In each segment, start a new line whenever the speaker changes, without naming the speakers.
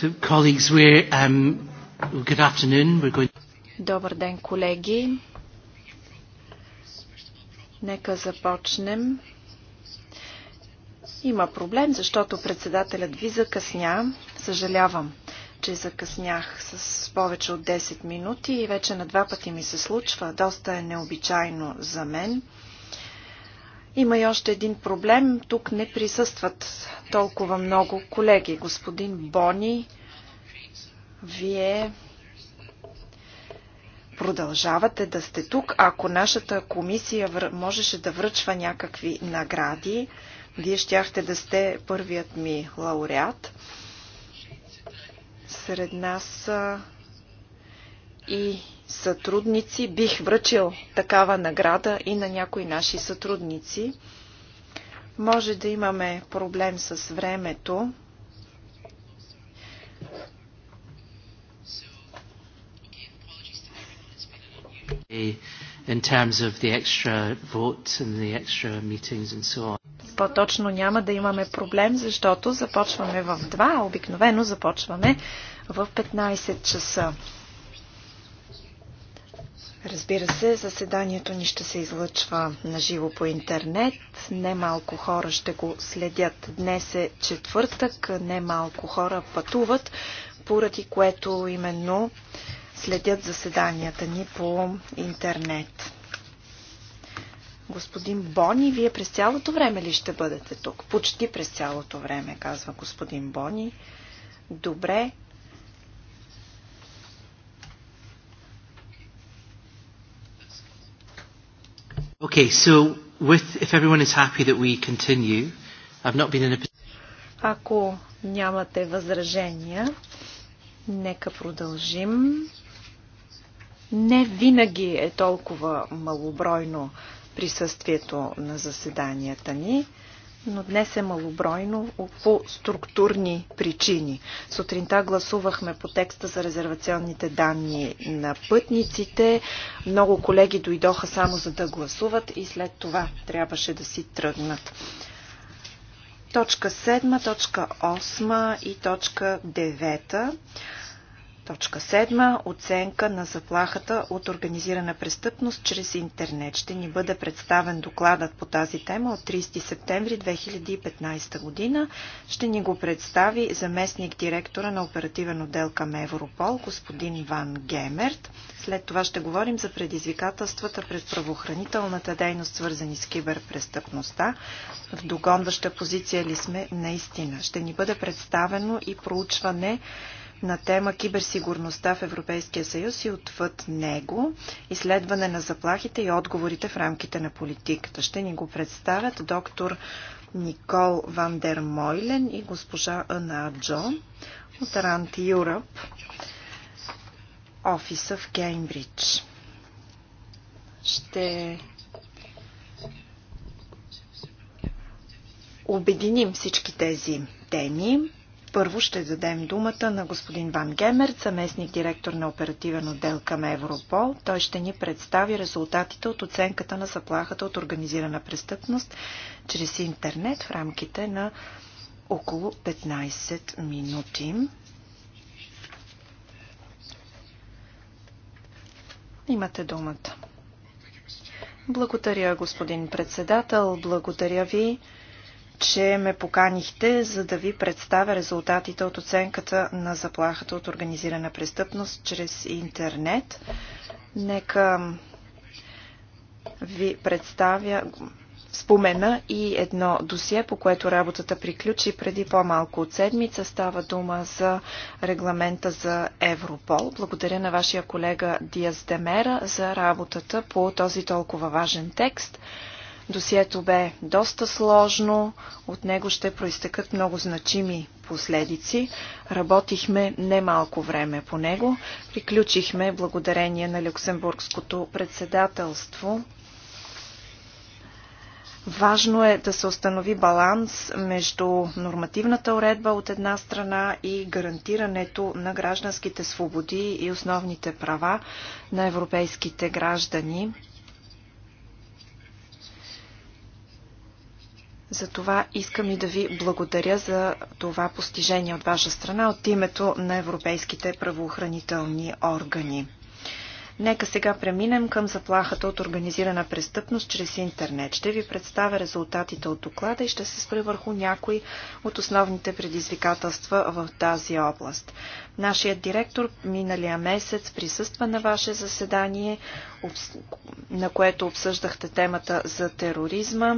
So, colleagues, we're, um, good afternoon. We're going...
Добър ден, колеги. Нека започнем. Има проблем, защото председателят ви закъсня. Съжалявам, че закъснях с повече от 10 минути и вече на два пъти ми се случва. Доста е необичайно за мен. Има и още един проблем. Тук не присъстват толкова много колеги. Господин Бони, вие продължавате да сте тук. Ако нашата комисия можеше да връчва някакви награди, вие щяхте да сте първият ми лауреат. Сред нас и сътрудници. Бих връчил такава награда и на някои наши сътрудници. Може да имаме проблем с времето.
in terms of the extra votes and the extra meetings and so on.
По-точно няма да имаме проблем, защото започваме в 2, а обикновено започваме в 15 часа. Разбира се, заседанието ни ще се излъчва на живо по интернет. Немалко хора ще го следят. Днес е четвъртък, немалко хора пътуват, поради което именно следят заседанията ни по интернет. Господин Бони, вие през цялото време ли ще бъдете тук? Почти през цялото време, казва господин Бони. Добре,
Okay, so with, if everyone is happy that we continue, I've not been in a...
Ако нямате възражения, нека продължим. Не винаги е толкова малобройно присъствието на заседанията ни но днес е малобройно по структурни причини. Сутринта гласувахме по текста за резервационните данни на пътниците. Много колеги дойдоха само за да гласуват и след това трябваше да си тръгнат. Точка 7, точка 8 и точка 9 Точка 7. Оценка на заплахата от организирана престъпност чрез интернет. Ще ни бъде представен докладът по тази тема от 30 септември 2015 година. Ще ни го представи заместник директора на оперативен отдел към Европол, господин Ван Гемерт. След това ще говорим за предизвикателствата пред правоохранителната дейност, свързани с киберпрестъпността. В догонваща позиция ли сме наистина? Ще ни бъде представено и проучване на тема Киберсигурността в Европейския съюз и отвъд него, изследване на заплахите и отговорите в рамките на политиката. Ще ни го представят доктор Никол Вандер Мойлен и госпожа Анна Джо от Рант Юръп, офиса в Кеймбридж. Ще обединим всички тези теми. Първо ще дадем думата на господин Ван Гемер, съместник директор на оперативен отдел към Европол. Той ще ни представи резултатите от оценката на заплахата от организирана престъпност чрез интернет в рамките на около 15 минути. Имате думата. Благодаря, господин председател. Благодаря ви че ме поканихте, за да ви представя резултатите от оценката на заплахата от организирана престъпност чрез интернет. Нека ви представя спомена и едно досие, по което работата приключи преди по-малко от седмица. Става дума за регламента за Европол. Благодаря на вашия колега Диас Демера за работата по този толкова важен текст. Досието бе доста сложно, от него ще проистекат много значими последици. Работихме немалко време по него. Приключихме благодарение на Люксембургското председателство. Важно е да се установи баланс между нормативната уредба от една страна и гарантирането на гражданските свободи и основните права на европейските граждани. Затова искам и да ви благодаря за това постижение от ваша страна от името на европейските правоохранителни органи. Нека сега преминем към заплахата от организирана престъпност чрез интернет. Ще ви представя резултатите от доклада и ще се спре върху някои от основните предизвикателства в тази област. Нашият директор миналия месец присъства на ваше заседание, на което обсъждахте темата за тероризма.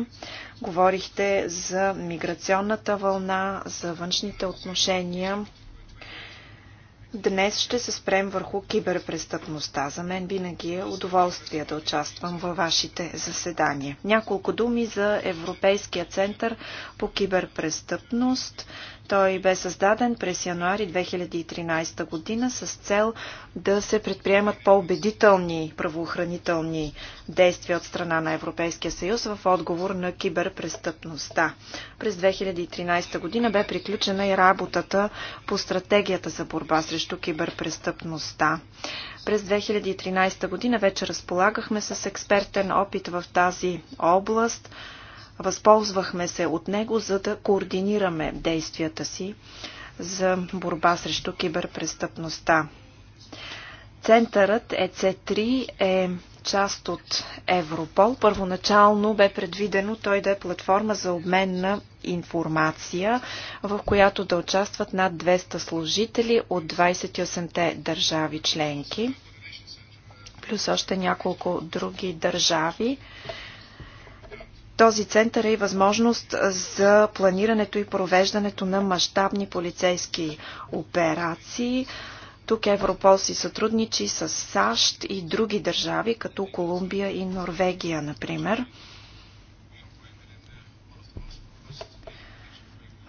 Говорихте за миграционната вълна, за външните отношения Днес ще се спрем върху киберпрестъпността. За мен винаги е удоволствие да участвам във вашите заседания. Няколко думи за Европейския център по киберпрестъпност. Той бе създаден през януари 2013 година с цел да се предприемат по-убедителни правоохранителни действия от страна на Европейския съюз в отговор на киберпрестъпността. През 2013 година бе приключена и работата по стратегията за борба срещу киберпрестъпността. През 2013 година вече разполагахме с експертен опит в тази област – Възползвахме се от него, за да координираме действията си за борба срещу киберпрестъпността. Центърът ЕЦ3 е част от Европол. Първоначално бе предвидено той да е платформа за обмен на информация, в която да участват над 200 служители от 28-те държави членки, плюс още няколко други държави. Този център е и възможност за планирането и провеждането на мащабни полицейски операции. Тук Европол си сътрудничи с САЩ и други държави, като Колумбия и Норвегия, например.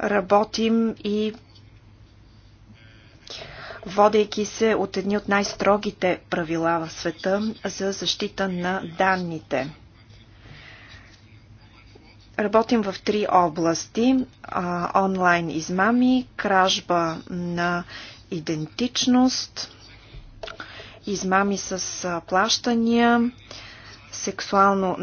Работим и водейки се от едни от най-строгите правила в света за защита на данните – Работим в три области. Онлайн измами, кражба на идентичност, измами с плащания, сексуално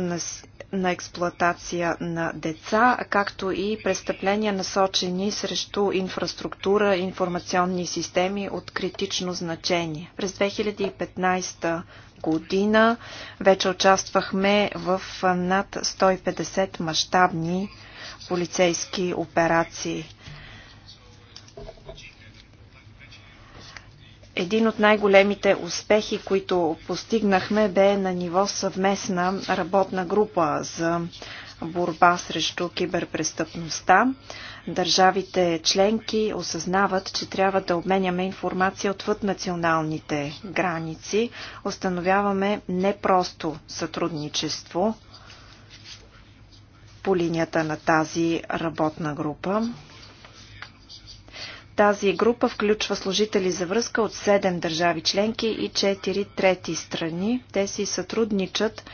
на експлоатация на деца, както и престъпления насочени срещу инфраструктура, информационни системи от критично значение. През 2015 година вече участвахме в над 150 мащабни полицейски операции. Един от най-големите успехи, които постигнахме, бе на ниво съвместна работна група за борба срещу киберпрестъпността. Държавите членки осъзнават, че трябва да обменяме информация отвъд националните граници. Остановяваме не просто сътрудничество по линията на тази работна група. Тази група включва служители за връзка от 7 държави членки и 4 трети страни. Те си сътрудничат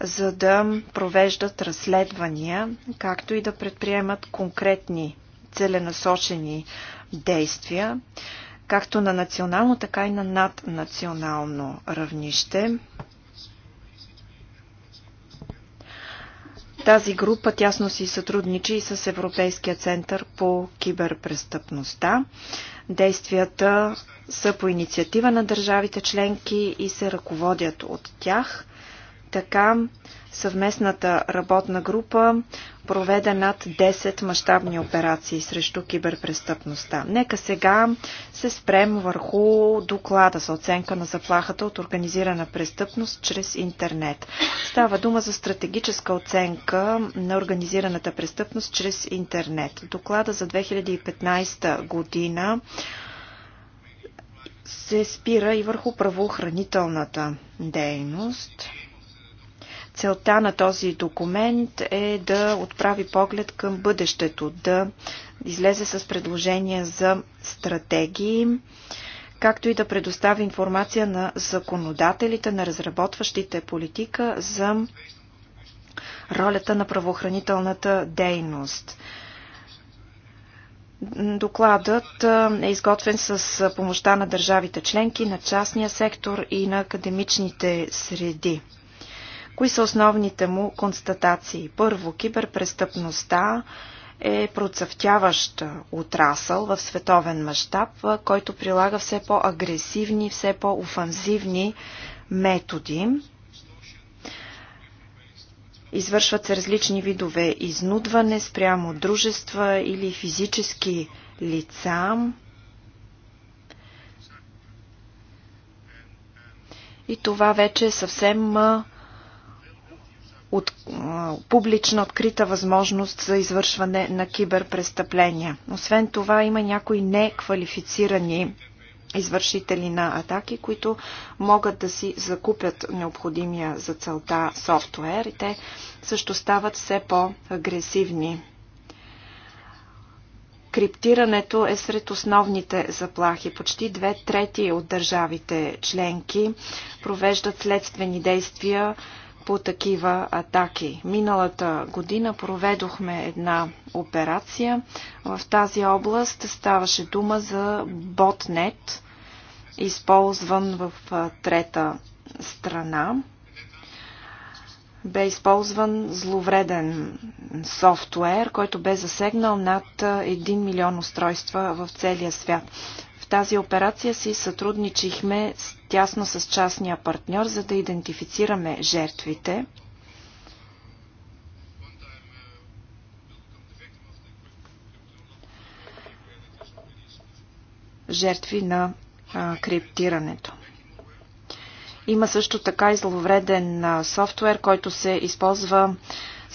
за да провеждат разследвания, както и да предприемат конкретни целенасочени действия, както на национално, така и на наднационално равнище. Тази група тясно си сътрудничи и с Европейския център по киберпрестъпността. Действията са по инициатива на държавите членки и се ръководят от тях – така съвместната работна група проведе над 10 мащабни операции срещу киберпрестъпността. Нека сега се спрем върху доклада за оценка на заплахата от организирана престъпност чрез интернет. Става дума за стратегическа оценка на организираната престъпност чрез интернет. Доклада за 2015 година се спира и върху правоохранителната дейност – Целта на този документ е да отправи поглед към бъдещето, да излезе с предложения за стратегии, както и да предостави информация на законодателите, на разработващите политика за ролята на правоохранителната дейност. Докладът е изготвен с помощта на държавите членки, на частния сектор и на академичните среди. Кои са основните му констатации? Първо, киберпрестъпността е процъфтяващ отрасъл в световен мащаб, който прилага все по-агресивни, все по-офанзивни методи. Извършват се различни видове изнудване спрямо дружества или физически лица. И това вече е съвсем от, публична открита възможност за извършване на киберпрестъпления. Освен това има някои неквалифицирани извършители на атаки, които могат да си закупят необходимия за целта софтуер и те също стават все по-агресивни. Криптирането е сред основните заплахи. Почти две трети от държавите членки провеждат следствени действия по такива атаки. Миналата година проведохме една операция. В тази област ставаше дума за ботнет, използван в трета страна. Бе използван зловреден софтуер, който бе засегнал над 1 милион устройства в целия свят. В тази операция си сътрудничихме тясно с частния партньор, за да идентифицираме жертвите. Жертви на а, криптирането. Има също така и зловреден софтуер, който се използва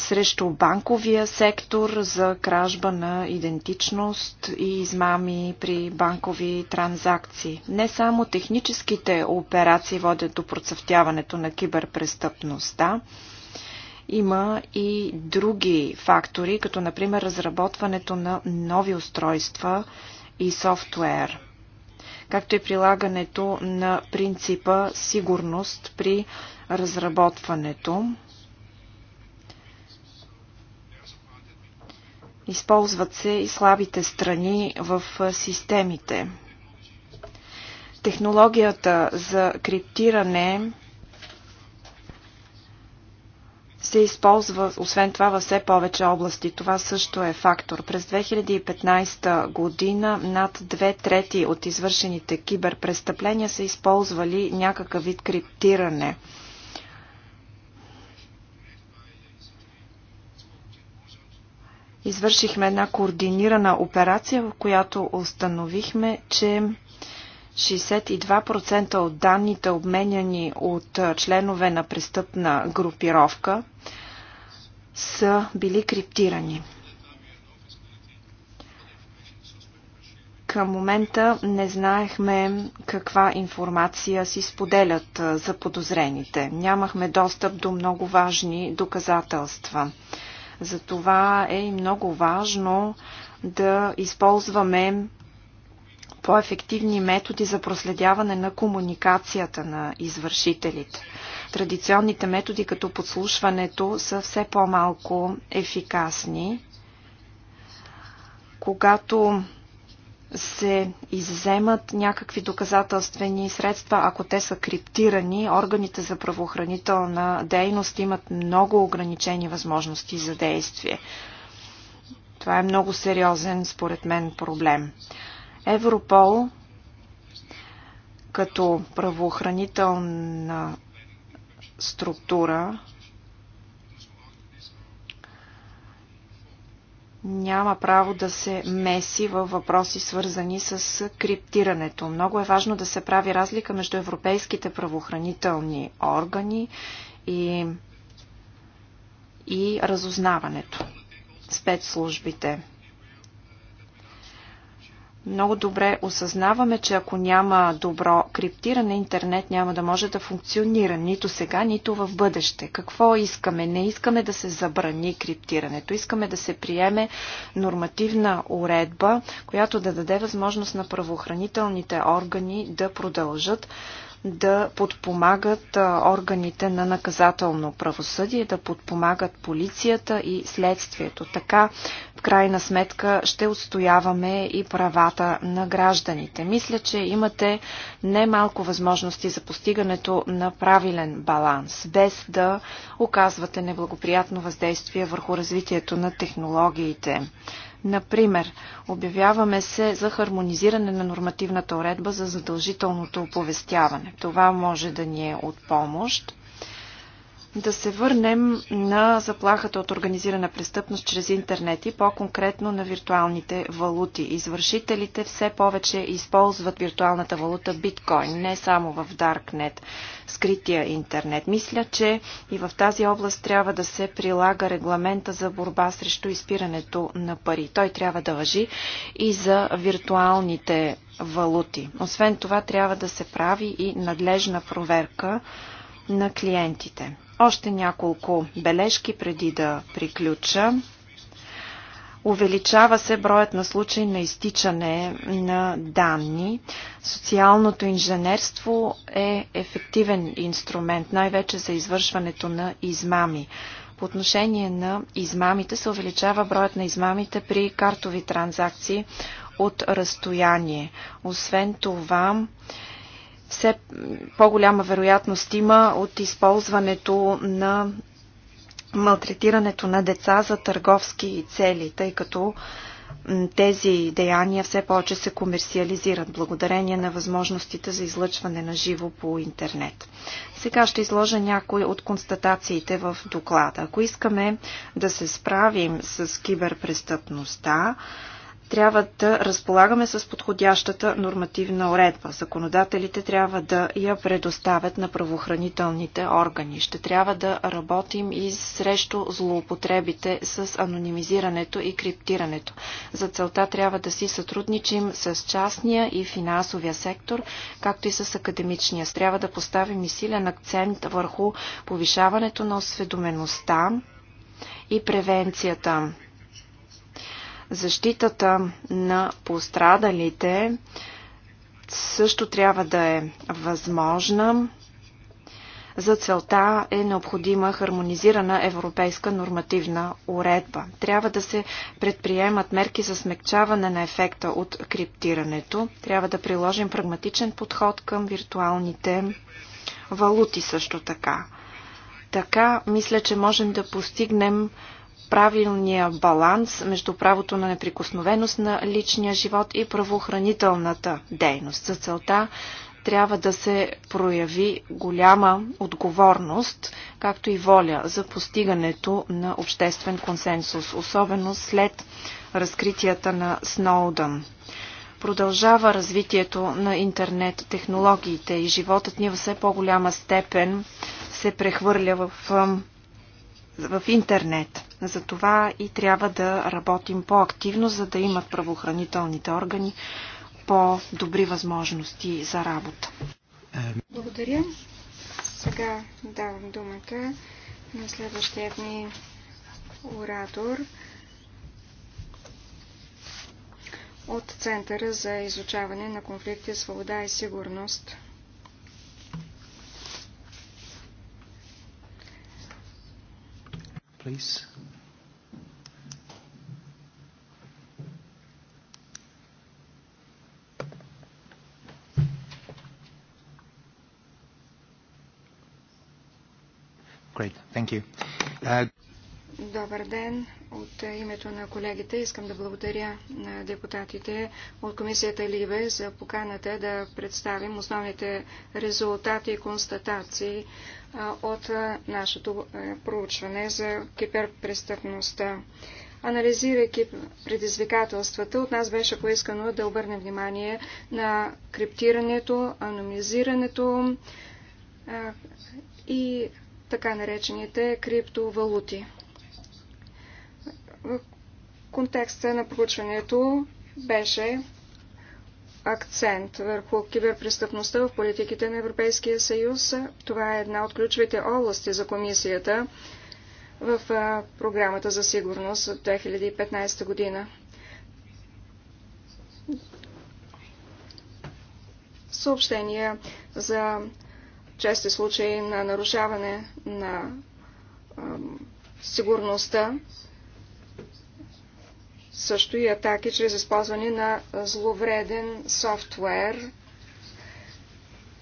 срещу банковия сектор за кражба на идентичност и измами при банкови транзакции. Не само техническите операции водят до процъфтяването на киберпрестъпността, има и други фактори, като например разработването на нови устройства и софтуер, както и прилагането на принципа сигурност при разработването. Използват се и слабите страни в системите. Технологията за криптиране се използва, освен това, във все повече области. Това също е фактор. През 2015 година над две трети от извършените киберпрестъпления са използвали някакъв вид криптиране – извършихме една координирана операция, в която установихме, че 62% от данните, обменяни от членове на престъпна групировка, са били криптирани. Към момента не знаехме каква информация си споделят за подозрените. Нямахме достъп до много важни доказателства. Затова е много важно да използваме по-ефективни методи за проследяване на комуникацията на извършителите. Традиционните методи, като подслушването, са все по-малко ефикасни. Когато се изземат някакви доказателствени средства, ако те са криптирани, органите за правоохранителна дейност имат много ограничени възможности за действие. Това е много сериозен, според мен, проблем. Европол като правоохранителна структура няма право да се меси във въпроси свързани с криптирането. Много е важно да се прави разлика между европейските правоохранителни органи и, и разузнаването, спецслужбите. Много добре осъзнаваме, че ако няма добро криптиране, интернет няма да може да функционира нито сега, нито в бъдеще. Какво искаме? Не искаме да се забрани криптирането. Искаме да се приеме нормативна уредба, която да даде възможност на правоохранителните органи да продължат да подпомагат органите на наказателно правосъдие, да подпомагат полицията и следствието. Така, в крайна сметка, ще отстояваме и правата на гражданите. Мисля, че имате немалко възможности за постигането на правилен баланс, без да оказвате неблагоприятно въздействие върху развитието на технологиите. Например, обявяваме се за хармонизиране на нормативната уредба за задължителното оповестяване. Това може да ни е от помощ. Да се върнем на заплахата от организирана престъпност чрез интернет и по-конкретно на виртуалните валути. Извършителите все повече използват виртуалната валута биткоин, не само в Даркнет, скрития интернет. Мисля, че и в тази област трябва да се прилага регламента за борба срещу изпирането на пари. Той трябва да въжи и за виртуалните валути. Освен това трябва да се прави и надлежна проверка на клиентите. Още няколко бележки преди да приключа. Увеличава се броят на случаи на изтичане на данни. Социалното инженерство е ефективен инструмент, най-вече за извършването на измами. По отношение на измамите се увеличава броят на измамите при картови транзакции от разстояние. Освен това, все по-голяма вероятност има от използването на малтретирането на деца за търговски цели, тъй като тези деяния все повече се комерциализират благодарение на възможностите за излъчване на живо по интернет. Сега ще изложа някои от констатациите в доклада. Ако искаме да се справим с киберпрестъпността, трябва да разполагаме с подходящата нормативна уредба. Законодателите трябва да я предоставят на правоохранителните органи. Ще трябва да работим и срещу злоупотребите с анонимизирането и криптирането. За целта трябва да си сътрудничим с частния и финансовия сектор, както и с академичния. Трябва да поставим и силен акцент върху повишаването на осведомеността и превенцията Защитата на пострадалите също трябва да е възможна. За целта е необходима хармонизирана европейска нормативна уредба. Трябва да се предприемат мерки за смягчаване на ефекта от криптирането. Трябва да приложим прагматичен подход към виртуалните валути също така. Така, мисля, че можем да постигнем правилния баланс между правото на неприкосновеност на личния живот и правоохранителната дейност. За целта трябва да се прояви голяма отговорност, както и воля за постигането на обществен консенсус, особено след разкритията на Сноудън. Продължава развитието на интернет технологиите и животът ни в все по-голяма степен се прехвърля в, в интернет. За това и трябва да работим по-активно, за да имат правоохранителните органи по-добри възможности за работа.
Благодаря. Сега давам думата на следващия ни оратор от Центъра за изучаване на конфликти, свобода и сигурност. Please. Great. Thank you. Uh, Добър ден! От името на колегите искам да благодаря на депутатите от комисията Либе за поканата да представим основните резултати и констатации от нашето проучване за киберпрестъпността. Анализирайки предизвикателствата, от нас беше поискано да обърнем внимание на криптирането, анонимизирането и така наречените криптовалути. В контекста на проучването беше акцент върху киберпрестъпността в политиките на Европейския съюз. Това е една от ключовите области за комисията в програмата за сигурност от 2015 година. Съобщения за чести случаи на нарушаване на сигурността, също и атаки чрез използване на зловреден софтуер.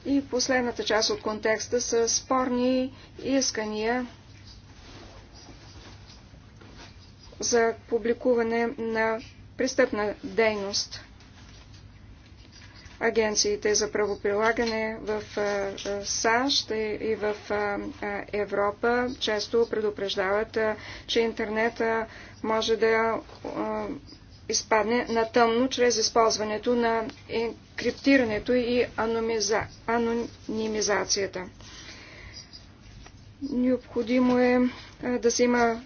И последната част от контекста са спорни искания за публикуване на престъпна дейност агенциите за правоприлагане в САЩ и в Европа често предупреждават, че интернет може да изпадне на тъмно чрез използването на криптирането и анонимизацията. Необходимо е да се има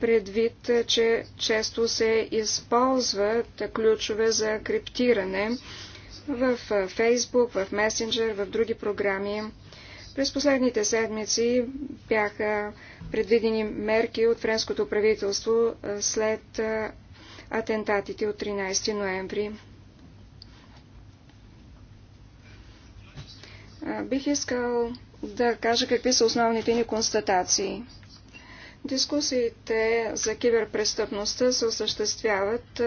предвид, че често се използват ключове за криптиране в Facebook, в Messenger, в други програми. През последните седмици бяха предвидени мерки от френското правителство след атентатите от 13 ноември. Бих искал да кажа какви са основните ни констатации. Дискусиите за киберпрестъпността се осъществяват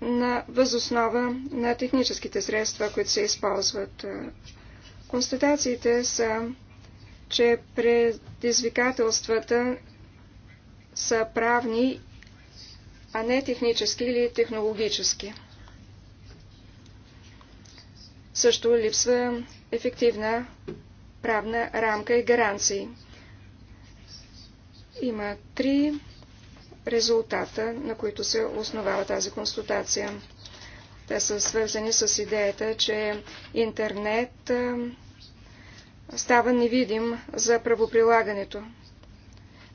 на възоснова на техническите средства, които се използват. Констатациите са, че предизвикателствата са правни, а не технически или технологически. Също липсва ефективна правна рамка и гаранции. Има три резултата, на които се основава тази констатация. Те са свързани с идеята, че интернет става невидим за правоприлагането.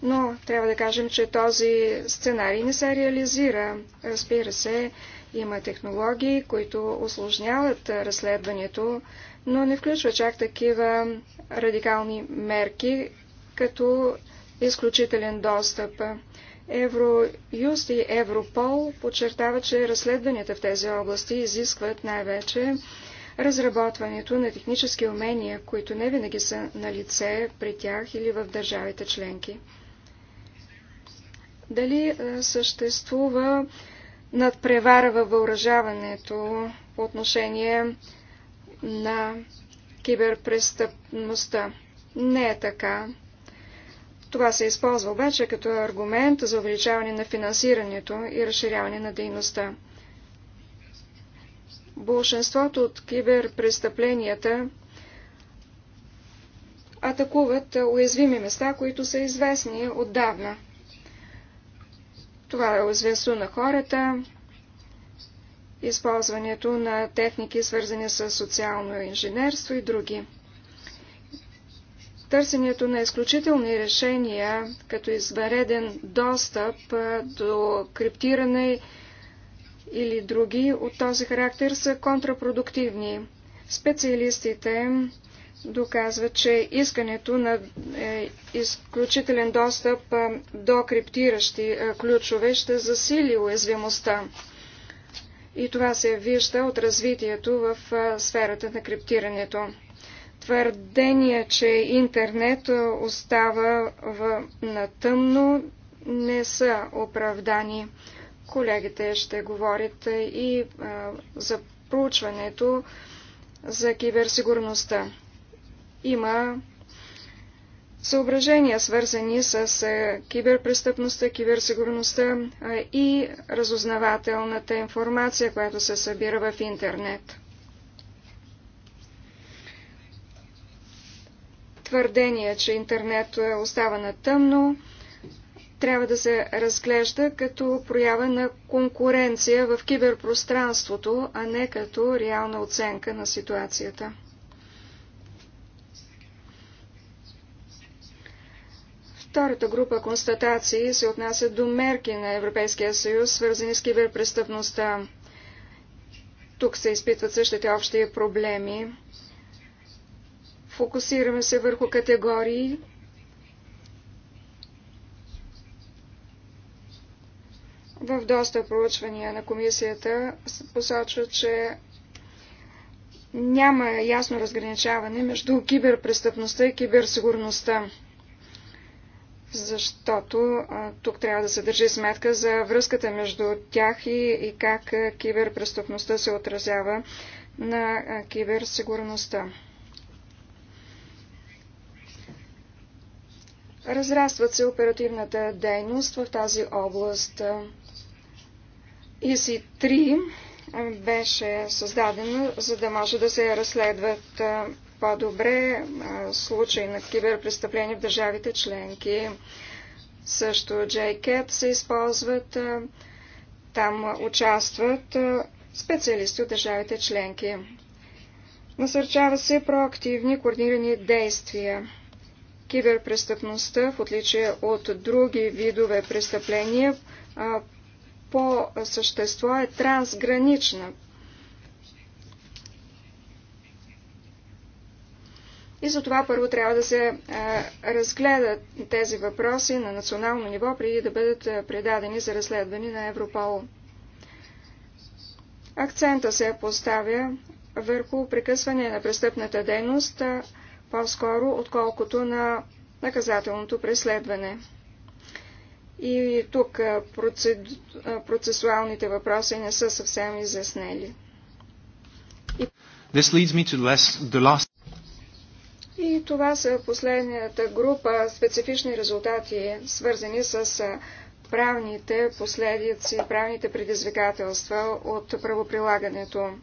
Но трябва да кажем, че този сценарий не се реализира. Разбира се, има технологии, които осложняват разследването, но не включва чак такива радикални мерки, като изключителен достъп. Евроюст и Европол подчертава, че разследванията в тези области изискват най-вече разработването на технически умения, които не винаги са на лице при тях или в държавите членки. Дали е, съществува надпревара във въоръжаването по отношение на киберпрестъпността? Не е така. Това се използва обаче като аргумент за увеличаване на финансирането и разширяване на дейността. Болшинството от киберпрестъпленията атакуват уязвими места, които са известни отдавна. Това е уязвимство на хората, използването на техники, свързани с социално инженерство и други. Търсенето на изключителни решения, като извареден достъп до криптиране или други от този характер, са контрапродуктивни. Специалистите доказват, че искането на е, изключителен достъп до криптиращи ключове ще засили уязвимостта. И това се вижда от развитието в сферата на криптирането твърдения, че интернет остава в, на тъмно, не са оправдани. Колегите ще говорят и а, за проучването за киберсигурността. Има съображения, свързани с киберпрестъпността, киберсигурността и разузнавателната информация, която се събира в интернет. твърдение, че интернет е, остава на тъмно, трябва да се разглежда като проява на конкуренция в киберпространството, а не като реална оценка на ситуацията. Втората група констатации се отнася до мерки на Европейския съюз, свързани с киберпрестъпността. Тук се изпитват същите общи проблеми Фокусираме се върху категории. В доста проучвания на комисията посочва, че няма ясно разграничаване между киберпрестъпността и киберсигурността, защото а, тук трябва да се държи сметка за връзката между тях и, и как киберпрестъпността се отразява на киберсигурността. Разрастват се оперативната дейност в тази област. ИСИ-3 беше създадена, за да може да се разследват по-добре случаи на киберпрестъпления в държавите членки. Също JCAT се използват, там участват специалисти от държавите членки. Насърчава се проактивни координирани действия киберпрестъпността, в отличие от други видове престъпления, по същество е трансгранична. И за това първо трябва да се разгледат тези въпроси на национално ниво, преди да бъдат предадени за разследване на Европол. Акцента се поставя върху прекъсване на престъпната дейност, по-скоро, отколкото на наказателното преследване. И тук процеду... процесуалните въпроси не са съвсем изяснели.
И... This leads me to the last...
И това са последната група специфични резултати, свързани с правните последици, правните предизвикателства от правоприлагането.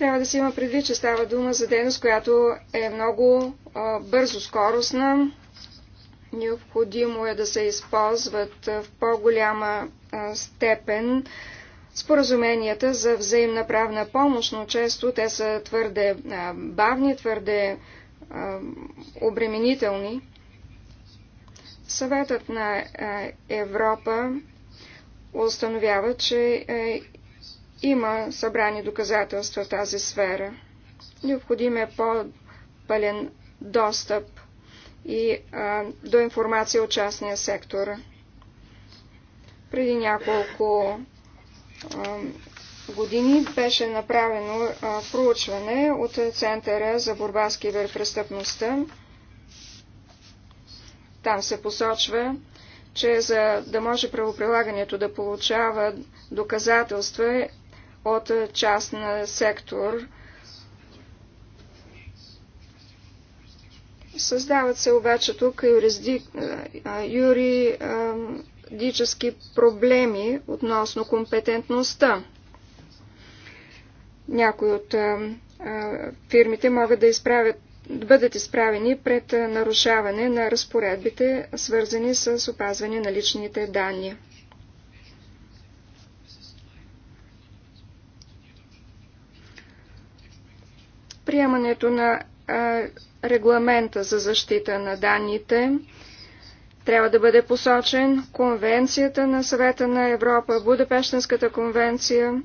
Трябва да се има предвид, че става дума за дейност, която е много а, бързо скоростна. Необходимо е да се използват в по-голяма степен споразуменията за взаимна правна помощ, но често те са твърде бавни, твърде обременителни. Съветът на Европа установява, че е, има събрани доказателства в тази сфера. Необходим е по-пълен достъп и а, до информация от частния сектор. Преди няколко а, години беше направено а, проучване от Центъра за борба с киберпрестъпността. Там се посочва, че за да може правоприлагането да получава доказателства от на сектор. Създават се обаче тук юридически проблеми относно компетентността. Някои от фирмите могат да, изправят, да бъдат изправени пред нарушаване на разпоредбите, свързани с опазване на личните данни. Приемането на регламента за защита на данните трябва да бъде посочен Конвенцията на Съвета на Европа, Будапештенската конвенция.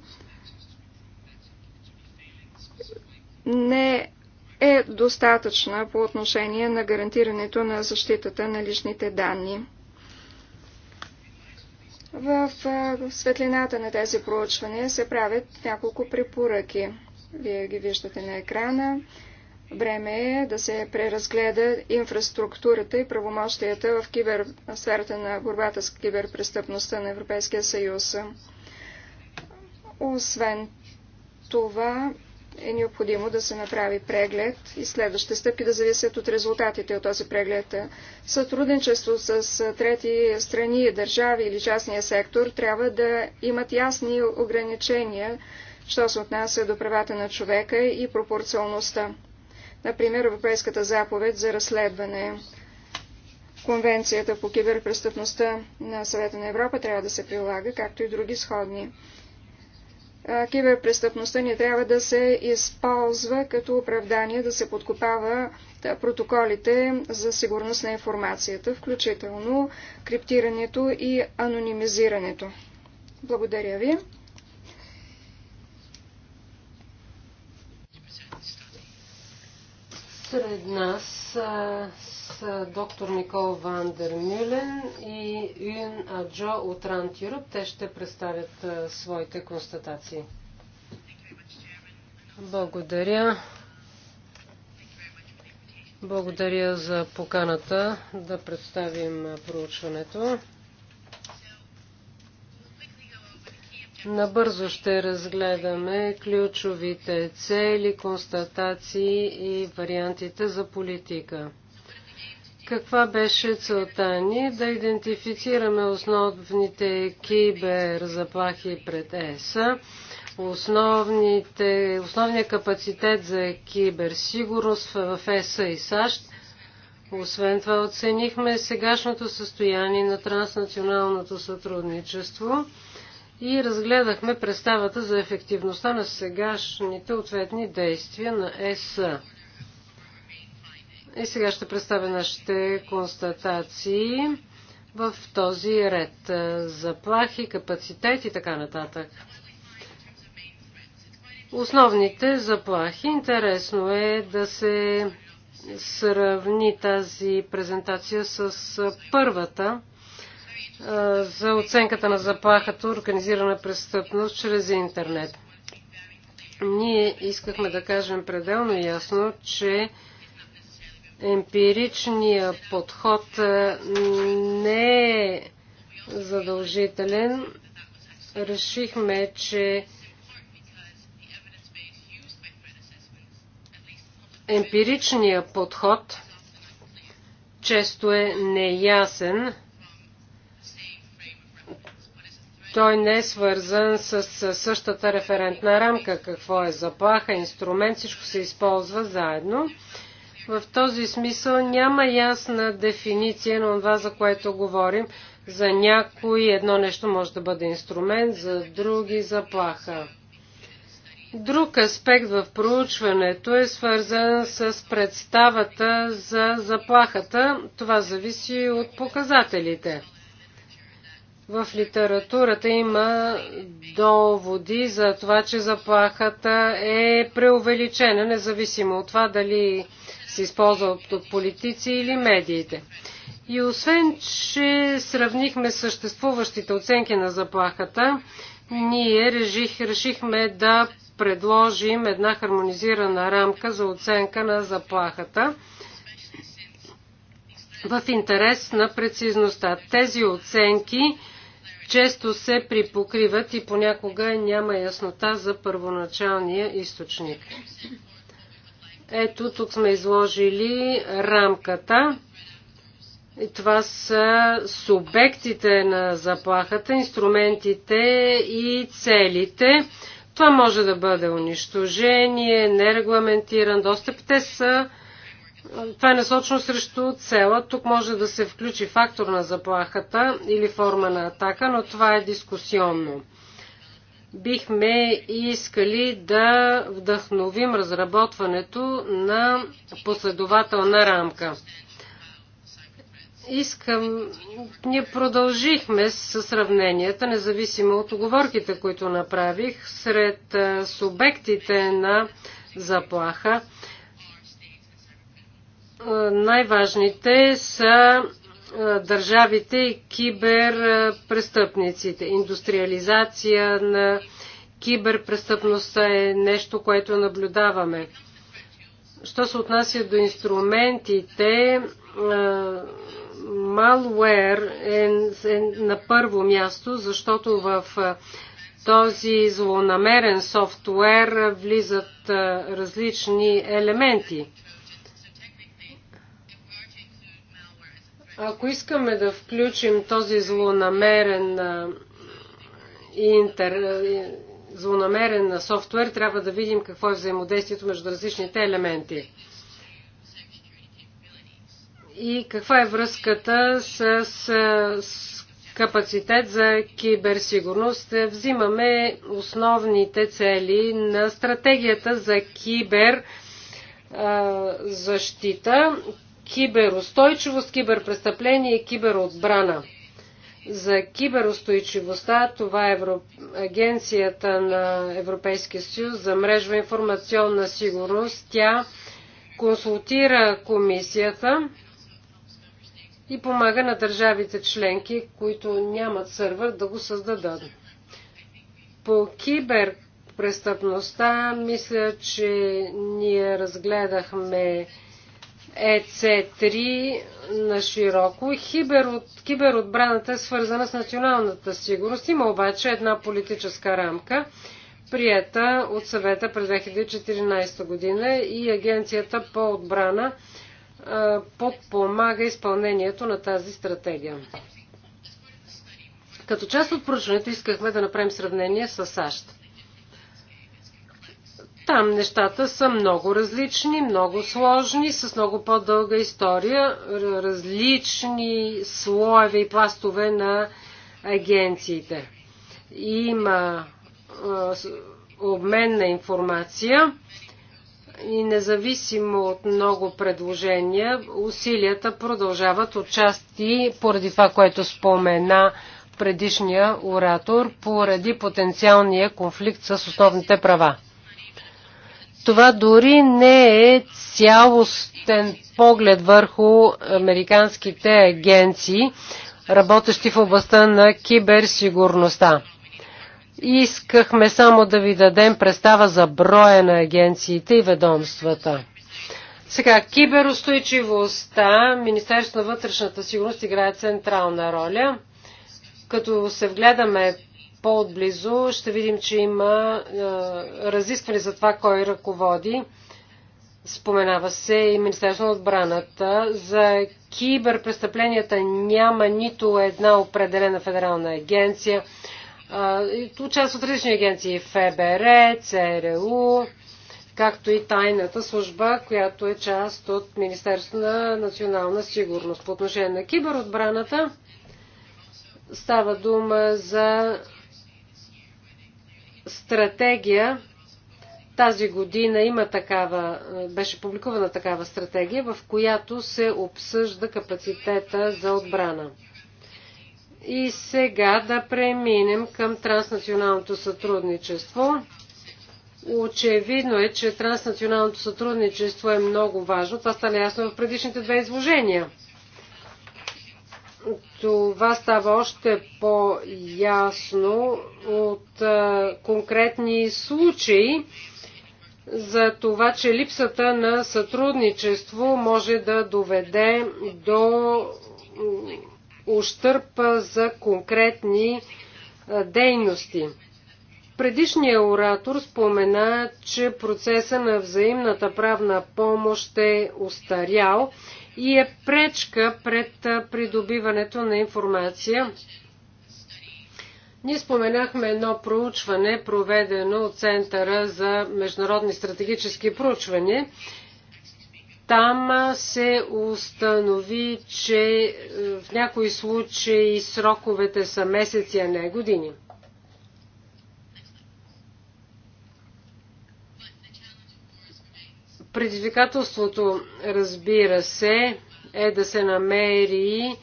Не е достатъчна по отношение на гарантирането на защитата на личните данни. В светлината на тези проучвания се правят няколко препоръки. Вие ги виждате на екрана. Време е да се преразгледа инфраструктурата и правомощията в кибер... сферата на борбата с киберпрестъпността на Европейския съюз. Освен това, е необходимо да се направи преглед и следващите стъпки да зависят от резултатите от този преглед. Сътрудничество с трети страни, държави или частния сектор трябва да имат ясни ограничения що се отнася до правата на човека и пропорционалността. Например, Европейската заповед за разследване. Конвенцията по киберпрестъпността на Съвета на Европа трябва да се прилага, както и други сходни. Киберпрестъпността не трябва да се използва като оправдание да се подкопава протоколите за сигурност на информацията, включително криптирането и анонимизирането. Благодаря ви.
Сред нас са доктор Никол Ван дер Мюлен и Юн Аджо от Рант Юруп. Те ще представят своите констатации. Благодаря. Благодаря за поканата да представим проучването. Набързо ще разгледаме ключовите цели, констатации и вариантите за политика. Каква беше целта ни? Да идентифицираме основните киберзаплахи пред ЕСА, основните, основния капацитет за киберсигурност в ЕСА и САЩ. Освен това оценихме сегашното състояние на транснационалното сътрудничество и разгледахме представата за ефективността на сегашните ответни действия на ЕС. И сега ще представя нашите констатации в този ред. Заплахи, капацитет и така нататък. Основните заплахи. Интересно е да се сравни тази презентация с първата за оценката на заплахата организирана престъпност чрез интернет. Ние искахме да кажем пределно ясно, че емпиричният подход не е задължителен. Решихме, че емпиричният подход често е неясен той не е свързан с същата референтна рамка. Какво е заплаха, инструмент, всичко се използва заедно. В този смисъл няма ясна дефиниция на това, за което говорим. За някой едно нещо може да бъде инструмент, за други заплаха. Друг аспект в проучването е свързан с представата за заплахата. Това зависи от показателите. В литературата има доводи за това, че заплахата е преувеличена, независимо от това дали се използва от политици или медиите. И освен, че сравнихме съществуващите оценки на заплахата, ние реших, решихме да предложим една хармонизирана рамка за оценка на заплахата в интерес на прецизността. Тези оценки често се припокриват и понякога няма яснота за първоначалния източник. Ето, тук сме изложили рамката. И това са субектите на заплахата, инструментите и целите. Това може да бъде унищожение, нерегламентиран достъп. Те са това е насочено срещу цела. Тук може да се включи фактор на заплахата или форма на атака, но това е дискусионно. Бихме искали да вдъхновим разработването на последователна рамка. Искам. Ние продължихме с сравненията, независимо от оговорките, които направих, сред субектите на заплаха най-важните са държавите и киберпрестъпниците. Индустриализация на киберпрестъпността е нещо, което наблюдаваме. Що се отнася до инструментите, малуер е на първо място, защото в този злонамерен софтуер влизат различни елементи – Ако искаме да включим този злонамерен интер, злонамерен софтуер, трябва да видим какво е взаимодействието между различните елементи. И каква е връзката с, с капацитет за киберсигурност. Взимаме основните цели на стратегията за киберзащита киберустойчивост, киберпрестъпление и киберотбрана. За киберустойчивостта това е Евро... Агенцията на Европейския съюз за мрежва информационна сигурност. Тя консултира комисията и помага на държавите членки, които нямат сървър, да го създадат. По киберпрестъпността мисля, че ние разгледахме ЕЦ-3 на широко. Хибер от, киберотбраната е свързана с националната сигурност. Има обаче една политическа рамка, прията от съвета през 2014 година и Агенцията по отбрана подпомага изпълнението на тази стратегия. Като част от проучването искахме да направим сравнение с САЩ. Там нещата са много различни, много сложни, с много по-дълга история, различни слоеве и пластове на агенциите. Има обмен на информация и независимо от много предложения, усилията продължават отчасти поради това, което спомена предишния оратор, поради потенциалния конфликт с основните права. Това дори не е цялостен поглед върху американските агенции, работещи в областта на киберсигурността. Искахме само да ви дадем представа за броя на агенциите и ведомствата. Сега, киберустойчивостта, Министерството на вътрешната сигурност играе централна роля. Като се вгледаме по-отблизо, ще видим, че има е, разискване за това кой ръководи. Споменава се и Министерство на отбраната. За киберпрестъпленията няма нито една определена федерална агенция. Е, Участват различни агенции ФБР, ЦРУ, както и тайната служба, която е част от Министерство на национална сигурност. По отношение на киберотбраната, Става дума за стратегия. Тази година има такава, беше публикувана такава стратегия, в която се обсъжда капацитета за отбрана. И сега да преминем към транснационалното сътрудничество. Очевидно е, че транснационалното сътрудничество е много важно. Това стана ясно в предишните две изложения – това става още по-ясно от конкретни случаи за това, че липсата на сътрудничество може да доведе до ущърпа за конкретни дейности. Предишният оратор спомена, че процеса на взаимната правна помощ е устарял и е пречка пред придобиването на информация. Ние споменахме едно проучване, проведено от Центъра за международни стратегически проучвания. Там се установи, че в някои случаи сроковете са месеци, а не години. Предизвикателството, разбира се, е да се намери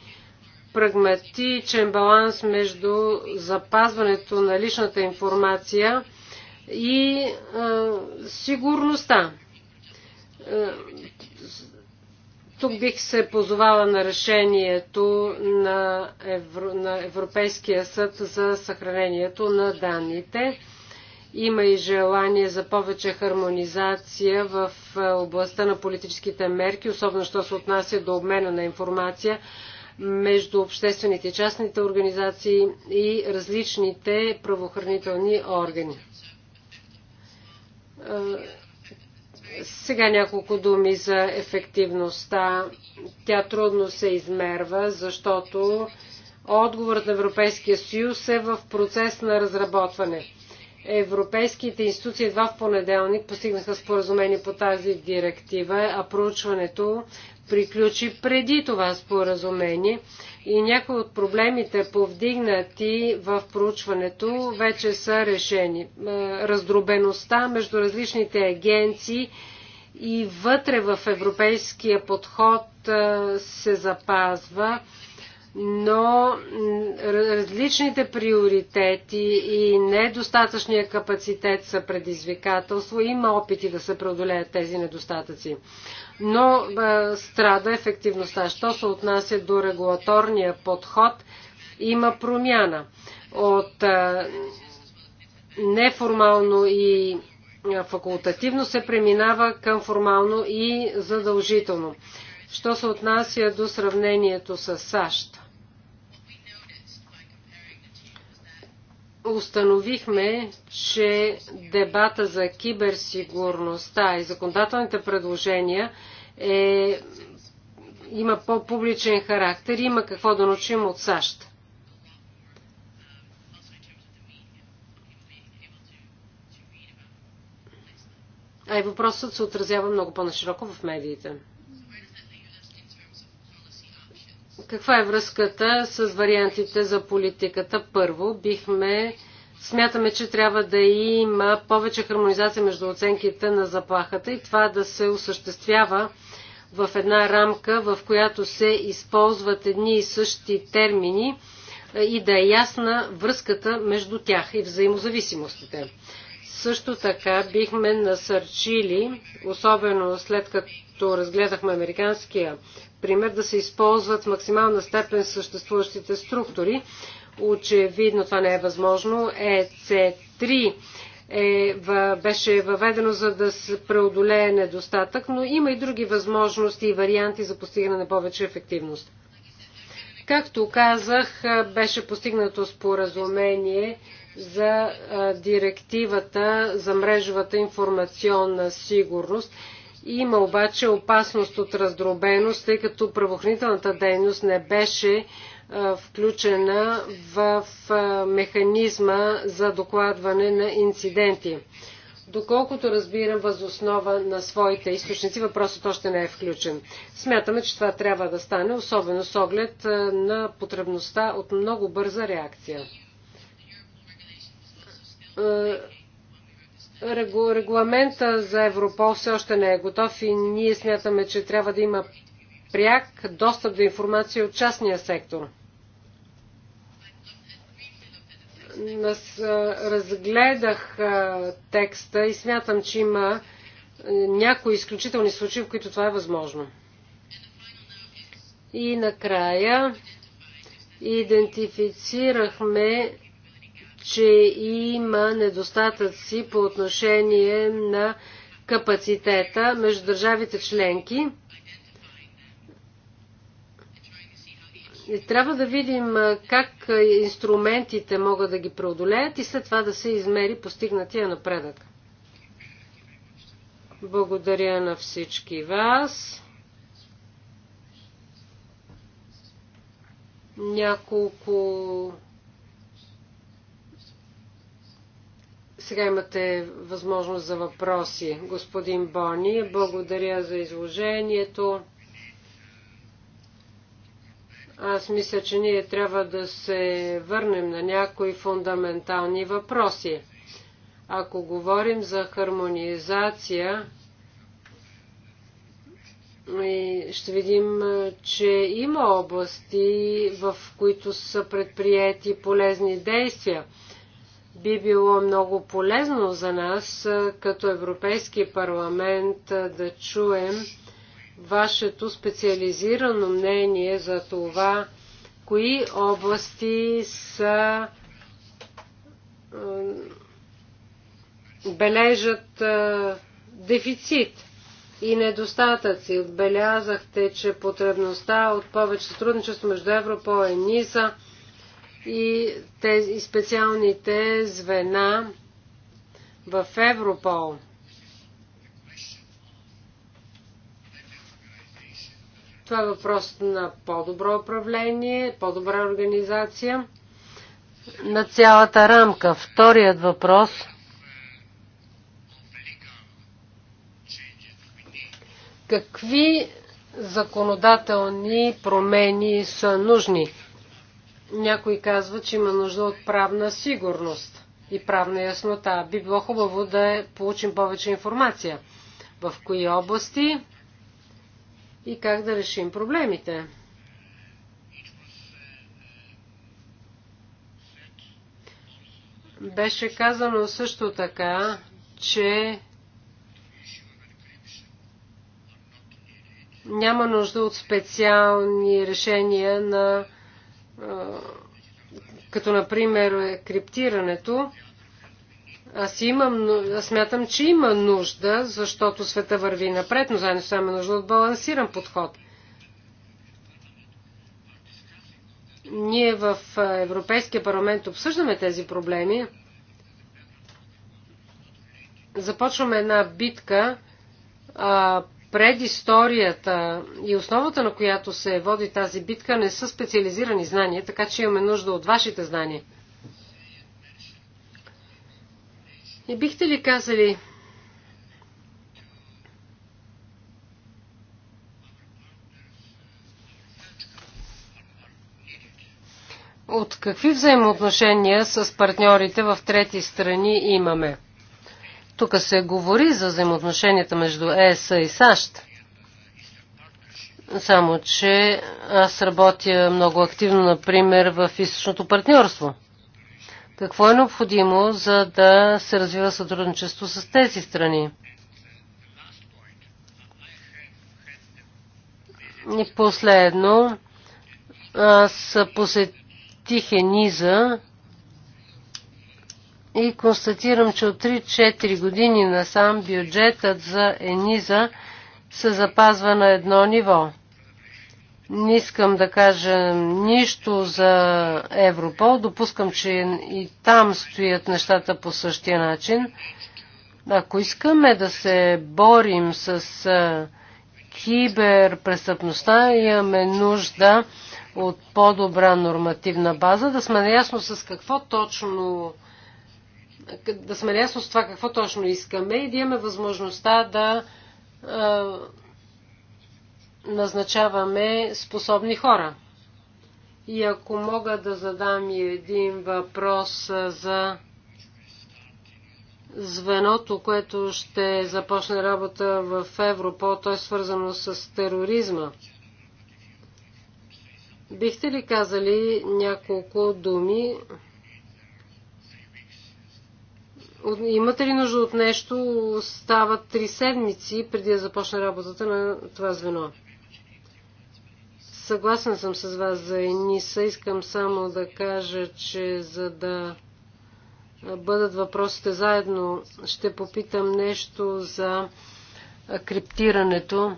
прагматичен баланс между запазването на личната информация и а, сигурността. А, тук бих се позовала на решението на, Евро, на Европейския съд за съхранението на данните. Има и желание за повече хармонизация в е, областта на политическите мерки, особено що се отнася до обмена на информация между обществените и частните организации и различните правоохранителни органи. Е, сега няколко думи за ефективността. Тя трудно се измерва, защото отговорът на Европейския съюз е в процес на разработване. Европейските институции едва в понеделник постигнаха споразумение по тази директива, а проучването приключи преди това споразумение и някои от проблемите повдигнати в проучването вече са решени. Е, раздробеността между различните агенции и вътре в европейския подход е, се запазва но различните приоритети и недостатъчния капацитет са предизвикателство. Има опити да се преодолеят тези недостатъци. Но страда ефективността. Що се отнася до регулаторния подход, има промяна от неформално и факултативно се преминава към формално и задължително. Що се отнася до сравнението с САЩ? установихме, че дебата за киберсигурността и законодателните предложения е, има по-публичен характер и има какво да научим от САЩ. А и въпросът се отразява много по-нашироко в медиите. Каква е връзката с вариантите за политиката? Първо, бихме Смятаме, че трябва да има повече хармонизация между оценките на заплахата и това да се осъществява в една рамка, в която се използват едни и същи термини е, и да е ясна връзката между тях и взаимозависимостите. Също така бихме насърчили, особено след като разгледахме американския пример, да се използват в максимална степен съществуващите структури. Очевидно това не е възможно. ЕЦ3 е, е в, беше въведено за да се преодолее недостатък, но има и други възможности и варианти за постигане на повече ефективност. Както казах, беше постигнато споразумение за директивата за мрежовата информационна сигурност. Има обаче опасност от раздробеност, тъй като правоохранителната дейност не беше включена в механизма за докладване на инциденти. Доколкото разбирам възоснова на своите източници, въпросът още не е включен. Смятаме, че това трябва да стане, особено с оглед на потребността от много бърза реакция. Е, регламента за Европол все още не е готов и ние смятаме, че трябва да има пряк достъп до информация от частния сектор. Е, разгледах е, текста и смятам, че има някои изключителни случаи, в които това е възможно. И накрая идентифицирахме че има недостатъци по отношение на капацитета между държавите членки. трябва да видим как инструментите могат да ги преодолеят и след това да се измери постигнатия напредък. Благодаря на всички вас. Няколко Сега имате възможност за въпроси. Господин Бони, благодаря за изложението. Аз мисля, че ние трябва да се върнем на някои фундаментални въпроси. Ако говорим за хармонизация, ще видим, че има области, в които са предприяти полезни действия би било много полезно за нас като Европейски парламент да чуем вашето специализирано мнение за това, кои области са бележат дефицит и недостатъци. Отбелязахте, че потребността от повече сътрудничество между Европол и НИСА – и тези и специалните звена в Европол. Това е въпрос на по-добро управление, по-добра организация на цялата рамка. Вторият въпрос какви законодателни промени са нужни? Някой казват, че има нужда от правна сигурност и правна яснота. Би било хубаво да получим повече информация. В кои области и как да решим проблемите. Беше казано също така, че няма нужда от специални решения на като например е криптирането, аз, имам, аз смятам, че има нужда, защото света върви напред, но заедно само нужда от балансиран подход. Ние в Европейския парламент обсъждаме тези проблеми. Започваме една битка, а предисторията и основата на която се води тази битка не са специализирани знания, така че имаме нужда от вашите знания. И бихте ли казали от какви взаимоотношения с партньорите в трети страни имаме? Тук се говори за взаимоотношенията между ЕС и САЩ. Само, че аз работя много активно, например, в източното партньорство. Какво е необходимо, за да се развива сътрудничество с тези страни? И последно, аз посетих Ениза и констатирам, че от 3-4 години насам бюджетът за ЕНИЗА се запазва на едно ниво. Не искам да кажа нищо за Европол. Допускам, че и там стоят нещата по същия начин. Ако искаме да се борим с киберпрестъпността, имаме нужда от по-добра нормативна база, да сме наясно с какво точно да сме наясно с това какво точно искаме и да имаме възможността да назначаваме способни хора. И ако мога да задам и един въпрос за звеното, което ще започне работа в Европа, то е свързано с тероризма. Бихте ли казали няколко думи Имате ли нужда от нещо? Стават три седмици преди да започне работата на това звено. Съгласен съм с вас за ЕНИСА. Искам само да кажа, че за да бъдат въпросите заедно, ще попитам нещо за криптирането.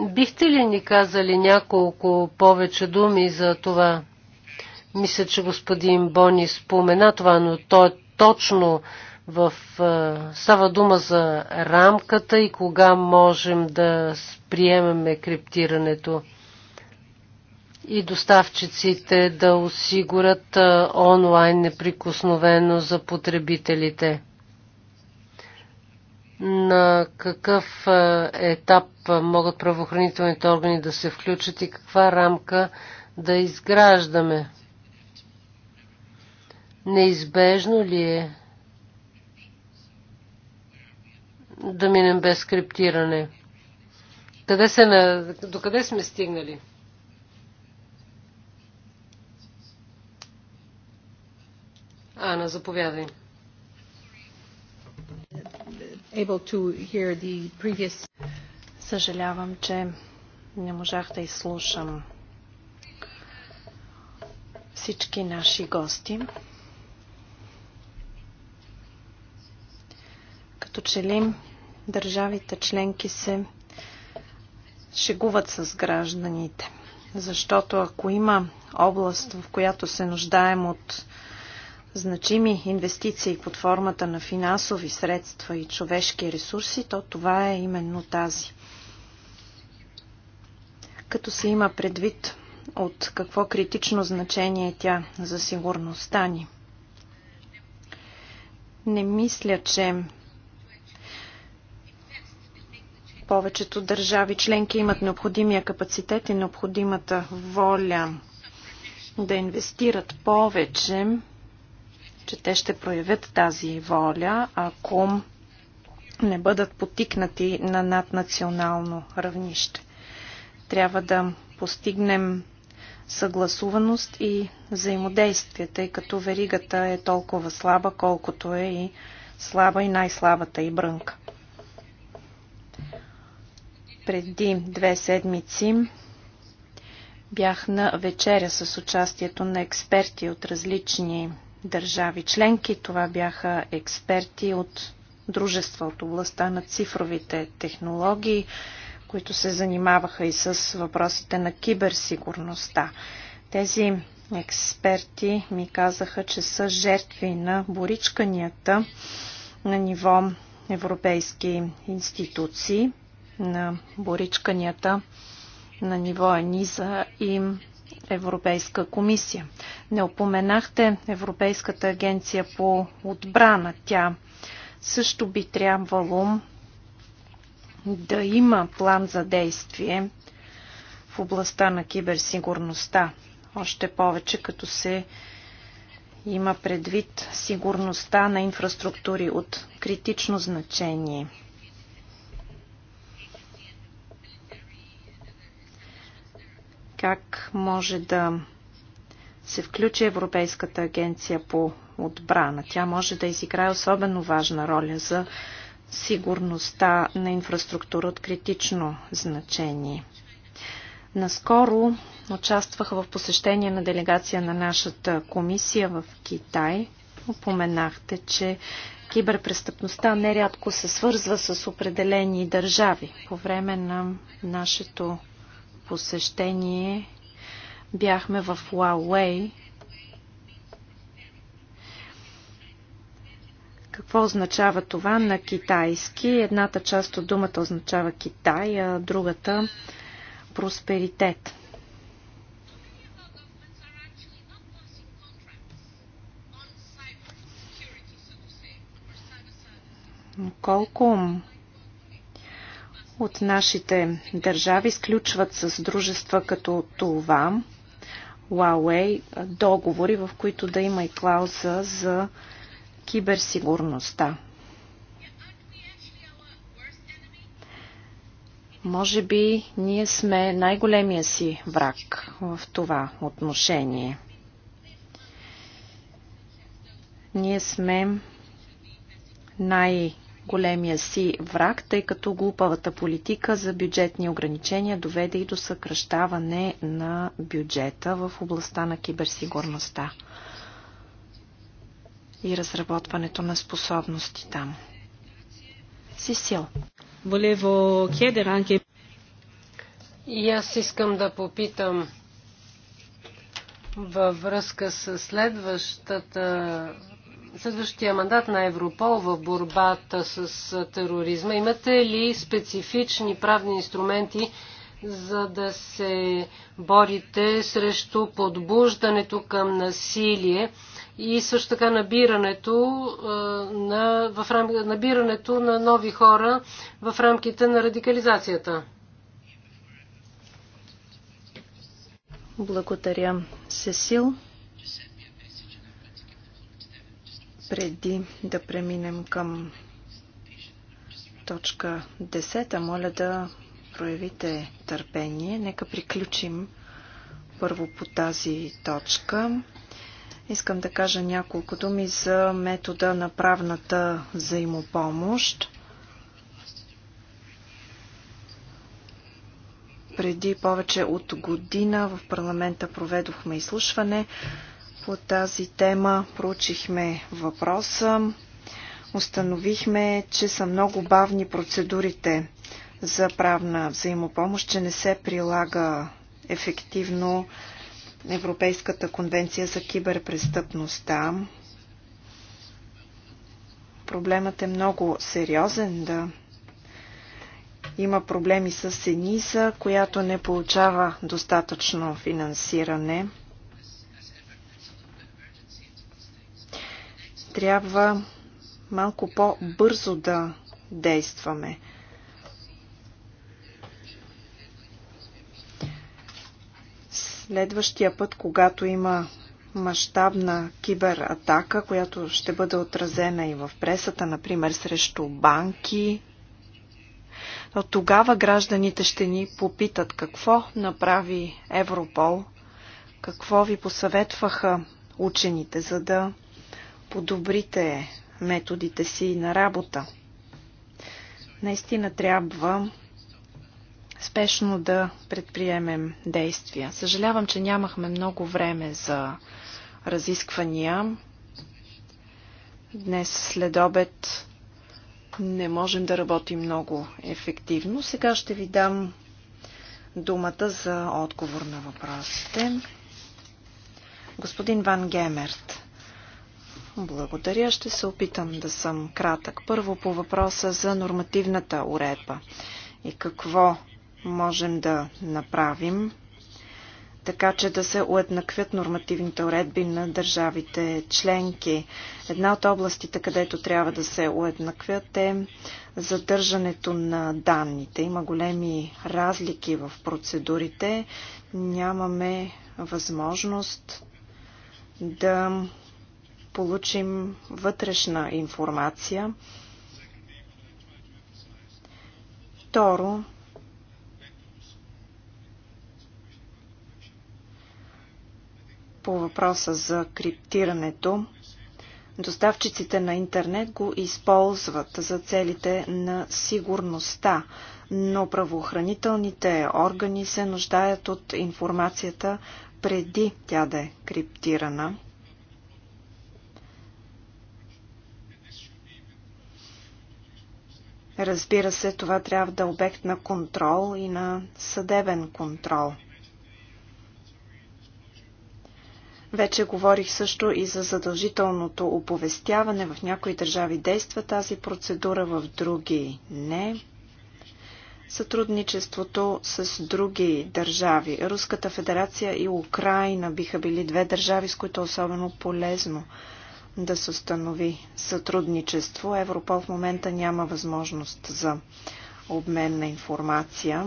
Бихте ли ни казали няколко повече думи за това? Мисля, че господин Бони спомена това, но то е точно в... Е, става дума за рамката и кога можем да приемеме криптирането и доставчиците да осигурят е, онлайн неприкосновено за потребителите. На какъв е, етап могат правоохранителните органи да се включат и каква рамка да изграждаме? Неизбежно ли е да минем без криптиране? Къде се на... До къде сме стигнали? Ана, заповядай. Able to hear the previous...
Съжалявам, че не можах да изслушам всички наши гости. Като че ли държавите членки се шегуват с гражданите. Защото ако има област, в която се нуждаем от значими инвестиции под формата на финансови средства и човешки ресурси, то това е именно тази. Като се има предвид от какво критично значение е тя за сигурността ни. Не мисля, че повечето държави членки имат необходимия капацитет и необходимата воля да инвестират повече, че те ще проявят тази воля, ако не бъдат потикнати на наднационално равнище. Трябва да постигнем съгласуваност и взаимодействие, тъй като веригата е толкова слаба, колкото е и слаба и най-слабата и брънка. Преди две седмици бях на вечеря с участието на експерти от различни държави членки. Това бяха експерти от дружества от областта на цифровите технологии, които се занимаваха и с въпросите на киберсигурността. Тези експерти ми казаха, че са жертви на боричканията на ниво европейски институции на боричканията на ниво ЕНИЗА и Европейска комисия. Не опоменахте Европейската агенция по отбрана. Тя също би трябвало да има план за действие в областта на киберсигурността. Още повече като се има предвид сигурността на инфраструктури от критично значение – как може да се включи Европейската агенция по отбрана. Тя може да изиграе особено важна роля за сигурността на инфраструктура от критично значение. Наскоро участвах в посещение на делегация на нашата комисия в Китай. Упоменахте, че киберпрестъпността нерядко се свързва с определени държави. По време на нашето посещение бяхме в Huawei. Какво означава това на китайски? Едната част от думата означава Китай, а другата просперитет. Колко от нашите държави сключват с дружества като това, Huawei, договори, в които да има и клауза за киберсигурността. Може би ние сме най-големия си враг в това отношение. Ние сме най- големия си враг, тъй като глупавата политика за бюджетни ограничения доведе и до съкръщаване на бюджета в областта на киберсигурността и разработването на способности там. Сисил. Волево Кедеранке.
И аз искам да попитам във връзка с следващата следващия мандат на Европол в борбата с тероризма, имате ли специфични правни инструменти, за да се борите срещу подбуждането към насилие и също така набирането, на, в рам, набирането на нови хора в рамките на радикализацията?
Благодаря, Сесил. Преди да преминем към точка 10, моля да проявите търпение. Нека приключим първо по тази точка. Искам да кажа няколко думи за метода на правната взаимопомощ. Преди повече от година в парламента проведохме изслушване по тази тема проучихме въпроса. Установихме, че са много бавни процедурите за правна взаимопомощ, че не се прилага ефективно Европейската конвенция за киберпрестъпността. Проблемът е много сериозен, да. Има проблеми с ЕНИСА, която не получава достатъчно финансиране. трябва малко по-бързо да действаме. Следващия път, когато има мащабна кибератака, която ще бъде отразена и в пресата, например срещу банки, тогава гражданите ще ни попитат какво направи Европол, какво ви посъветваха учените, за да подобрите методите си на работа. Наистина трябва спешно да предприемем действия. Съжалявам, че нямахме много време за разисквания. Днес след обед не можем да работим много ефективно. Сега ще ви дам думата за отговор на въпросите. Господин Ван Гемерт. Благодаря. Ще се опитам да съм кратък. Първо по въпроса за нормативната уредба и какво можем да направим, така че да се уеднаквят нормативните уредби на държавите членки. Една от областите, където трябва да се уеднаквят е задържането на данните. Има големи разлики в процедурите. Нямаме възможност да получим вътрешна информация. Второ, по въпроса за криптирането, доставчиците на интернет го използват за целите на сигурността, но правоохранителните органи се нуждаят от информацията преди тя да е криптирана. Разбира се, това трябва да е обект на контрол и на съдебен контрол. Вече говорих също и за задължителното оповестяване. В някои държави действа тази процедура, в други не. Сътрудничеството с други държави. Руската федерация и Украина биха били две държави, с които е особено полезно да се установи сътрудничество. Европол в момента няма възможност за обмен на информация.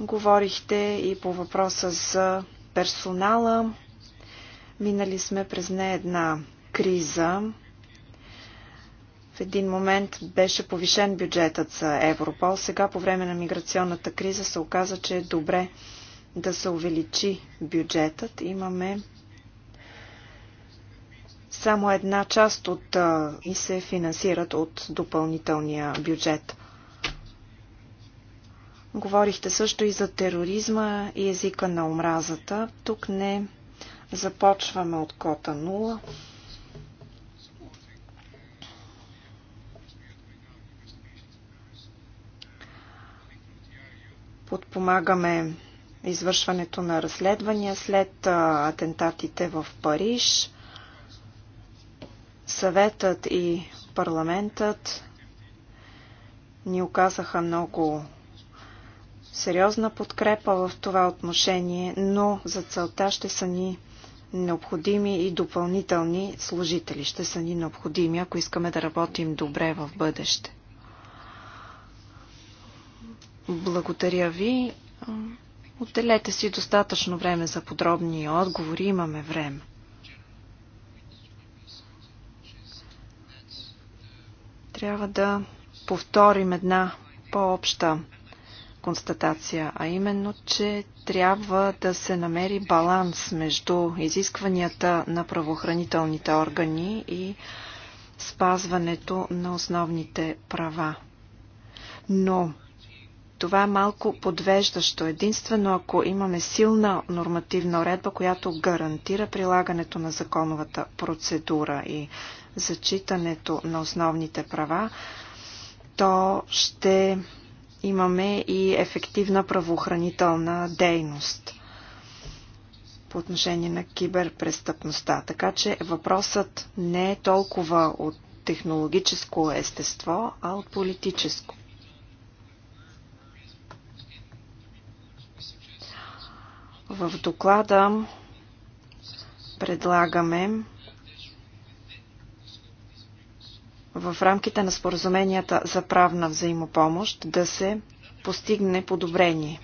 Говорихте и по въпроса за персонала. Минали сме през не една криза. В един момент беше повишен бюджетът за Европол. Сега по време на миграционната криза се оказа, че е добре да се увеличи бюджетът. Имаме само една част от и се финансират от допълнителния бюджет. Говорихте също и за тероризма и езика на омразата. Тук не започваме от кота 0. Подпомагаме извършването на разследвания след атентатите в Париж. Съветът и парламентът ни оказаха много сериозна подкрепа в това отношение, но за целта ще са ни необходими и допълнителни служители. Ще са ни необходими, ако искаме да работим добре в бъдеще. Благодаря ви. Отделете си достатъчно време за подробни отговори. Имаме време. Трябва да повторим една по-обща констатация, а именно, че трябва да се намери баланс между изискванията на правоохранителните органи и спазването на основните права. Но това е малко подвеждащо. Единствено, ако имаме силна нормативна уредба, която гарантира прилагането на законовата процедура и зачитането на основните права, то ще имаме и ефективна правоохранителна дейност по отношение на киберпрестъпността. Така че въпросът не е толкова от технологическо естество, а от политическо. В доклада предлагаме в рамките на споразуменията за правна взаимопомощ да се постигне подобрение.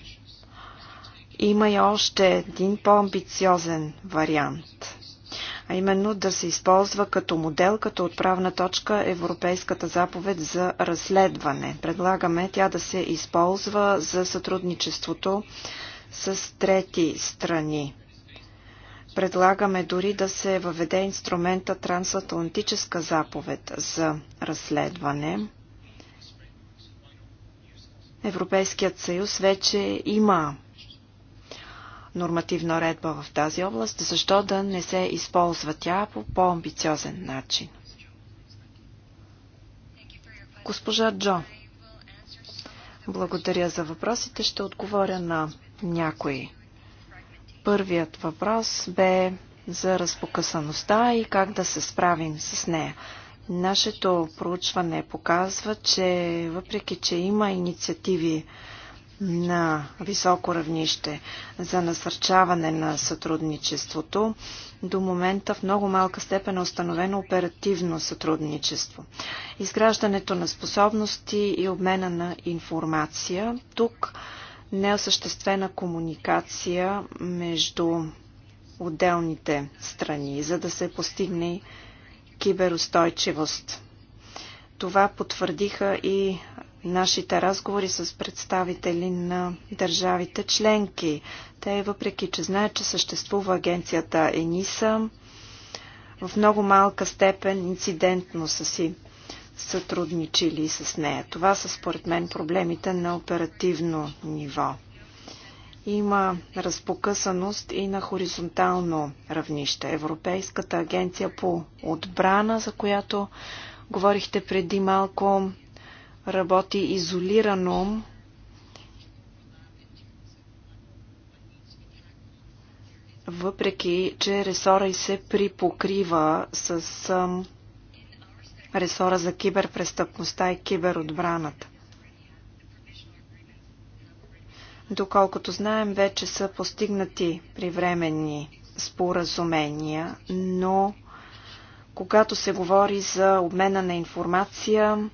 Има и още един по-амбициозен вариант, а именно да се използва като модел, като отправна точка Европейската заповед за разследване. Предлагаме тя да се използва за сътрудничеството с трети страни. Предлагаме дори да се въведе инструмента трансатлантическа заповед за разследване. Европейският съюз вече има нормативна редба в тази област, защо да не се използва тя по по-амбициозен начин? Госпожа Джо, благодаря за въпросите. Ще отговоря на някои. Първият въпрос бе за разпокъсаността и как да се справим с нея. Нашето проучване показва, че въпреки, че има инициативи на високо равнище за насърчаване на сътрудничеството, до момента в много малка степен е установено оперативно сътрудничество. Изграждането на способности и обмена на информация. Тук неосъществена комуникация между отделните страни, за да се постигне киберустойчивост. Това потвърдиха и нашите разговори с представители на държавите членки. Те, въпреки че знаят, че съществува агенцията ЕНИСА, в много малка степен инцидентно са си сътрудничили с нея. Това са според мен проблемите на оперативно ниво. Има разпокъсаност и на хоризонтално равнище. Европейската агенция по отбрана, за която говорихте преди малко, работи изолирано въпреки че ресора и се припокрива с ресора за киберпрестъпността и киберотбраната. Доколкото знаем, вече са постигнати привременни споразумения, но когато се говори за обмена на информация,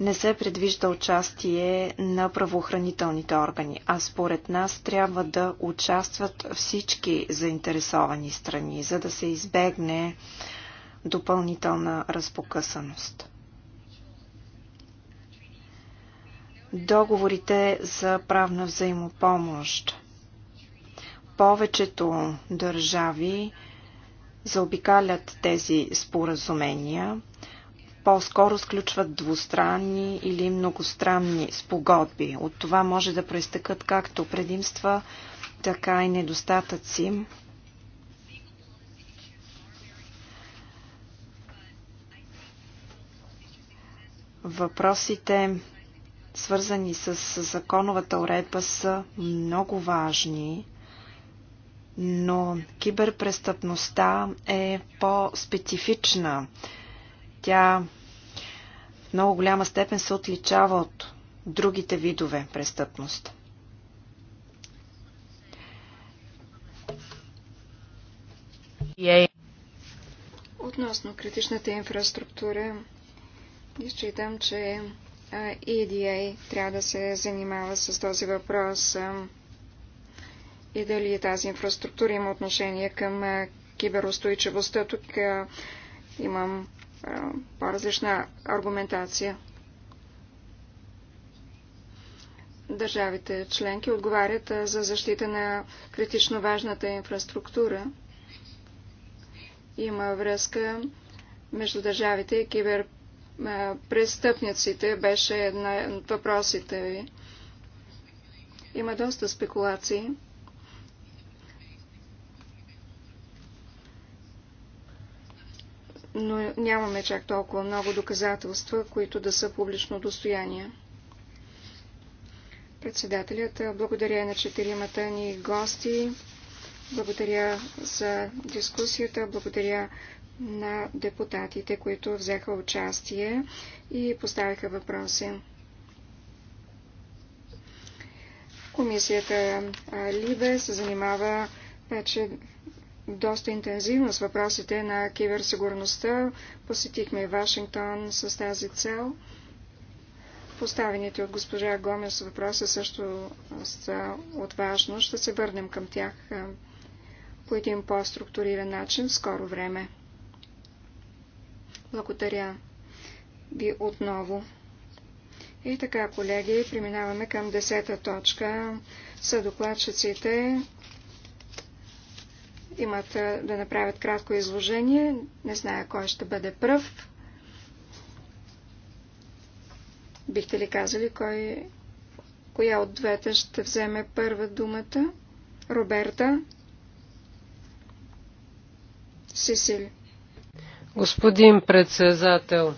не се предвижда участие на правоохранителните органи, а според нас трябва да участват всички заинтересовани страни, за да се избегне допълнителна разпокъсаност. Договорите за правна взаимопомощ. Повечето държави заобикалят тези споразумения, по-скоро сключват двустранни или многостранни спогодби. От това може да проистъкат както предимства, така и недостатъци Въпросите, свързани с законовата уредба, са много важни, но киберпрестъпността е по-специфична. Тя в много голяма степен се отличава от другите видове престъпност. Е.
Относно критичната инфраструктура, и считам, че EDA трябва да се занимава с този въпрос и дали тази инфраструктура има отношение към киберустойчивостта. Тук имам по-различна аргументация. Държавите членки отговарят за защита на критично важната инфраструктура. Има връзка между държавите и кибер е, престъпниците беше на от въпросите ви. Има доста спекулации. Но нямаме чак толкова много доказателства, които да са публично достояние. Председателят, благодаря на четиримата ни гости, благодаря за дискусията, благодаря на депутатите, които взеха участие и поставиха въпроси. Комисията Либе се занимава вече доста интензивно с въпросите на киберсигурността. Посетихме Вашингтон с тази цел. Поставените от госпожа Гомес въпроси също са от Ще се върнем към тях по един по-структуриран начин в скоро време. Благодаря ви отново. И така, колеги, преминаваме към десета точка. са докладчиците. имат да направят кратко изложение. Не зная кой ще бъде пръв. Бихте ли казали кой, коя от двете ще вземе първа думата? Роберта? Сесиль.
Господин председател,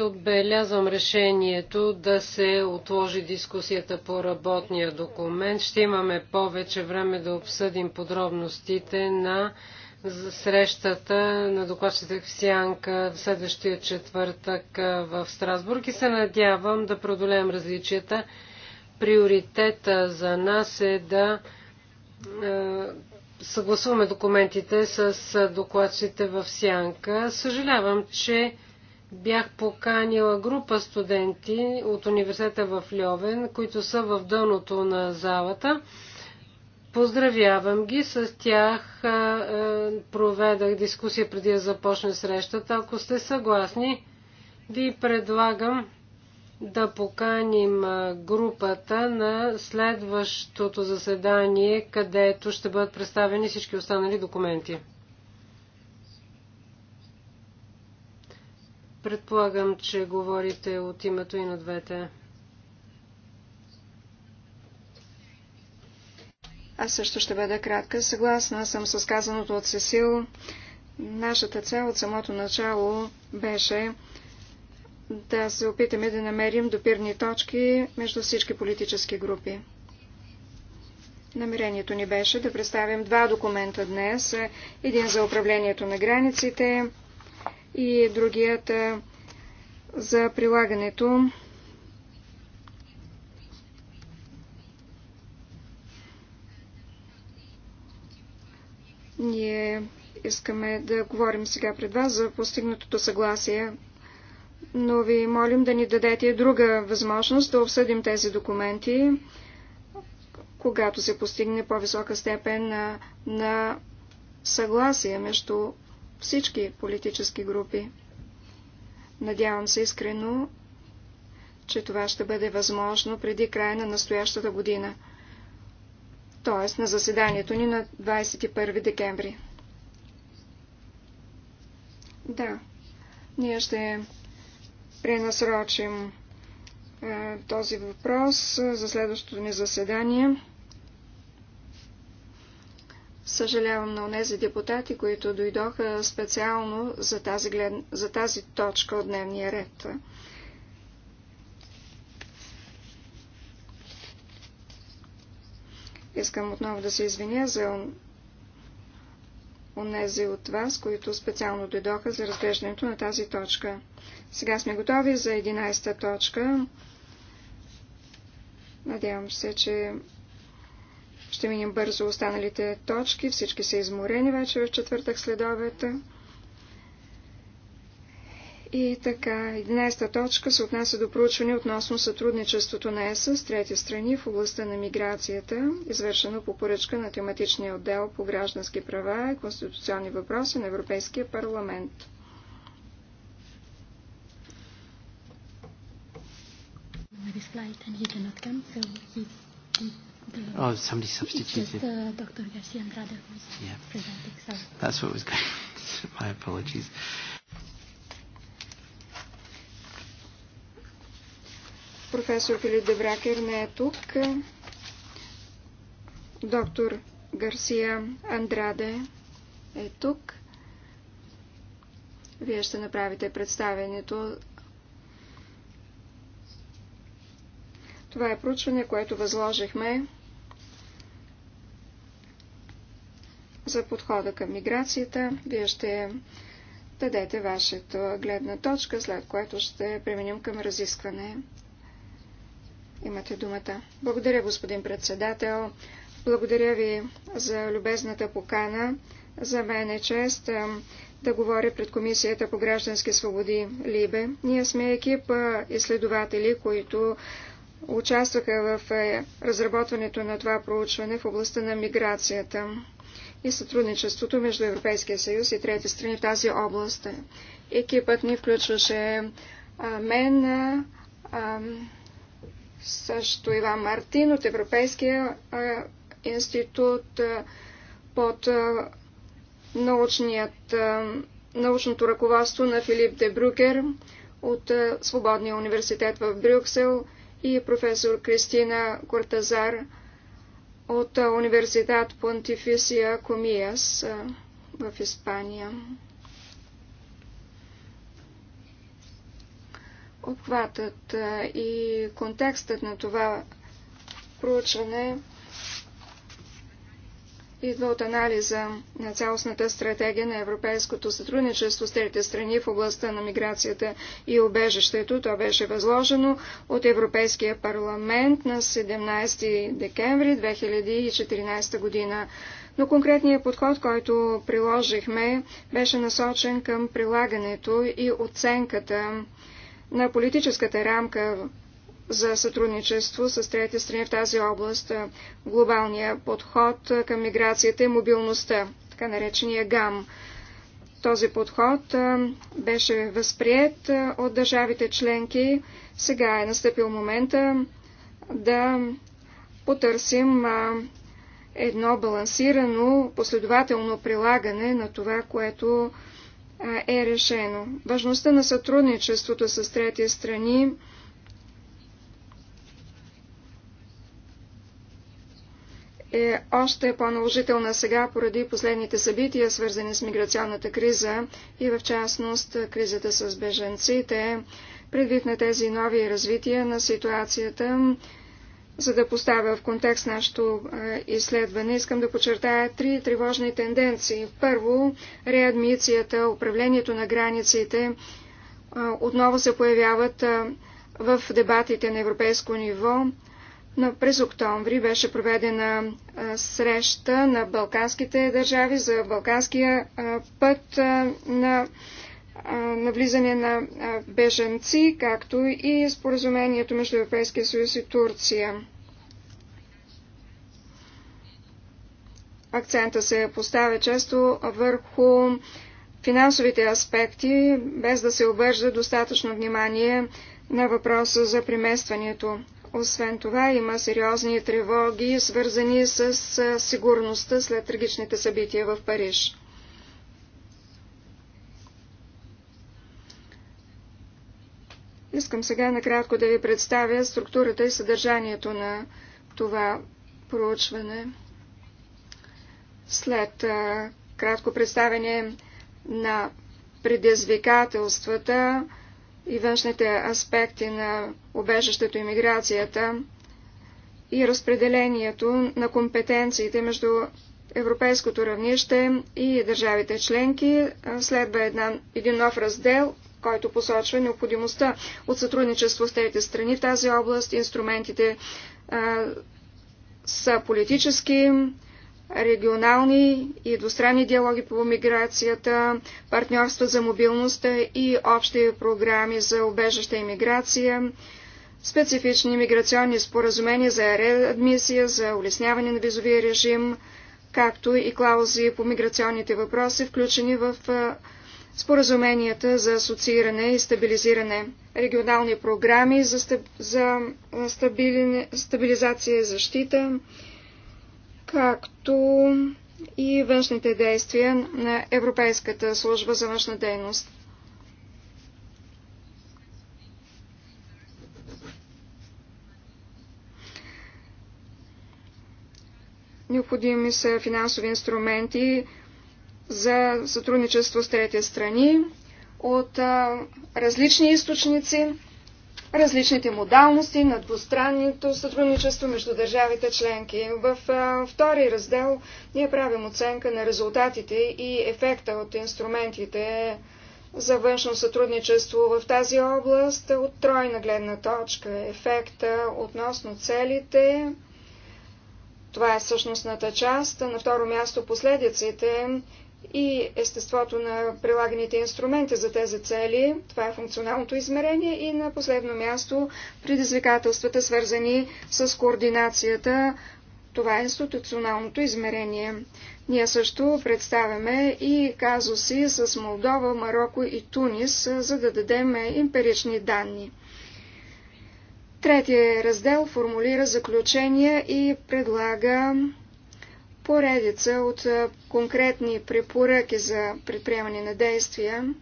отбелязвам решението да се отложи дискусията по работния документ. Ще имаме повече време да обсъдим подробностите на срещата на докладчите в Сянка в следващия четвъртък в Страсбург и се надявам да преодолеем различията. Приоритета за нас е да съгласуваме документите с докладците в Сянка. Съжалявам, че бях поканила група студенти от университета в Льовен, които са в дъното на залата. Поздравявам ги, с тях проведах дискусия преди да започне срещата. Ако сте съгласни, ви предлагам да поканим групата на следващото заседание, където ще бъдат представени всички останали документи. Предполагам, че говорите от името и на двете.
Аз също ще бъда кратка. Съгласна съм с казаното от Сесил. Нашата цел от самото начало беше да се опитаме да намерим допирни точки между всички политически групи. Намерението ни беше да представим два документа днес. Един за управлението на границите и другият за прилагането Ние искаме да говорим сега пред вас за постигнатото съгласие но ви молим да ни дадете друга възможност да обсъдим тези документи, когато се постигне по-висока степен на, на съгласие между всички политически групи. Надявам се искрено, че това ще бъде възможно преди края на настоящата година, т.е. на заседанието ни на 21 декември. Да, ние ще пренасрочим е, този въпрос е, за следващото ни заседание. Съжалявам на онези депутати, които дойдоха специално за тази, глед... за тази точка от дневния ред. Искам отново да се извиня за онези от вас, които специално дойдоха за разглеждането на тази точка. Сега сме готови за 11-та точка. Надявам се, че ще минем бързо останалите точки. Всички са изморени вече в четвъртък след обед. И така, 11-та точка се отнася до проучване относно сътрудничеството на ЕС с трети страни в областта на миграцията, извършено по поръчка на тематичния отдел по граждански права и конституционни въпроси на Европейския парламент.
Oh, somebody substituted. It's just, uh, Dr. Garcia Andrade who's yeah. presenting. Sorry.
That's what was going. on. My apologies. Uh,
Професор Филип Девракер не е тук. Доктор Гарсия Андраде е тук. Вие ще направите представенето. Това е проучване, което възложихме за подхода към миграцията. Вие ще дадете вашето гледна точка, след което ще преминем към разискване. Имате думата. Благодаря, господин председател. Благодаря ви за любезната покана. За мен е чест да говоря пред Комисията по граждански свободи Либе. Ние сме екип изследователи, които участваха в е, разработването на това проучване в областта на миграцията и сътрудничеството между Европейския съюз и трети страни в тази област. Екипът ни включваше мен, също Иван Мартин от Европейския институт под научният, научното ръководство на Филип де Брюкер от Свободния университет в Брюксел и професор Кристина Кортазар от Университет Понтифисия Комияс в Испания. Обхватът и контекстът на това проучване идва от анализа на цялостната стратегия на европейското сътрудничество с трите страни в областта на миграцията и убежището. То беше възложено от Европейския парламент на 17 декември 2014 година. Но конкретният подход, който приложихме, беше насочен към прилагането и оценката на политическата рамка за сътрудничество с трети страни в тази област, глобалния подход към миграцията и мобилността, така наречения ГАМ. Този подход беше възприят от държавите членки. Сега е настъпил момента да потърсим едно балансирано, последователно прилагане на това, което е решено. Важността на сътрудничеството с трети страни е още по-наложителна сега поради последните събития, свързани с миграционната криза и в частност кризата с беженците. Предвид на тези нови развития на ситуацията, за да поставя в контекст нашето изследване, искам да подчертая три тревожни тенденции. Първо, реадмицията, управлението на границите отново се появяват в дебатите на европейско ниво. Но през октомври беше проведена среща на балканските държави за балканския път на навлизане на беженци, както и споразумението между Европейския съюз и Турция. Акцента се поставя често върху финансовите аспекти, без да се обържда достатъчно внимание на въпроса за приместването. Освен това, има сериозни тревоги, свързани с сигурността след трагичните събития в Париж. Искам сега накратко да ви представя структурата и съдържанието на това проучване. След а, кратко представяне на предизвикателствата и външните аспекти на обежището и миграцията и разпределението на компетенциите между европейското равнище и държавите членки. Следва една, един нов раздел който посочва необходимостта от сътрудничество с трети страни в тази област. Инструментите а, са политически, регионални и двустранни диалоги по миграцията, партньорства за мобилността и общи програми за обежаща иммиграция, специфични миграционни споразумения за реадмисия, за улесняване на визовия режим, както и клаузи по миграционните въпроси, включени в споразуменията за асоцииране и стабилизиране, регионални програми за, стаб... за стабили... стабилизация и защита, както и външните действия на Европейската служба за външна дейност. Необходими са финансови инструменти, за сътрудничество с трети страни от а, различни източници, различните модалности на двустранното сътрудничество между държавите членки. В а, втори раздел ние правим оценка на резултатите и ефекта от инструментите за външно сътрудничество в тази област от тройна гледна точка. Е ефекта относно целите, това е същностната част. На второ място последиците и естеството на прилаганите инструменти за тези цели. Това е функционалното измерение и на последно място предизвикателствата, свързани с координацията. Това е институционалното измерение. Ние също представяме и казуси с Молдова, Марокко и Тунис, за да дадем емпирични данни. Третия раздел формулира заключения и предлага поредица от конкретни препоръки за предприемане на действия.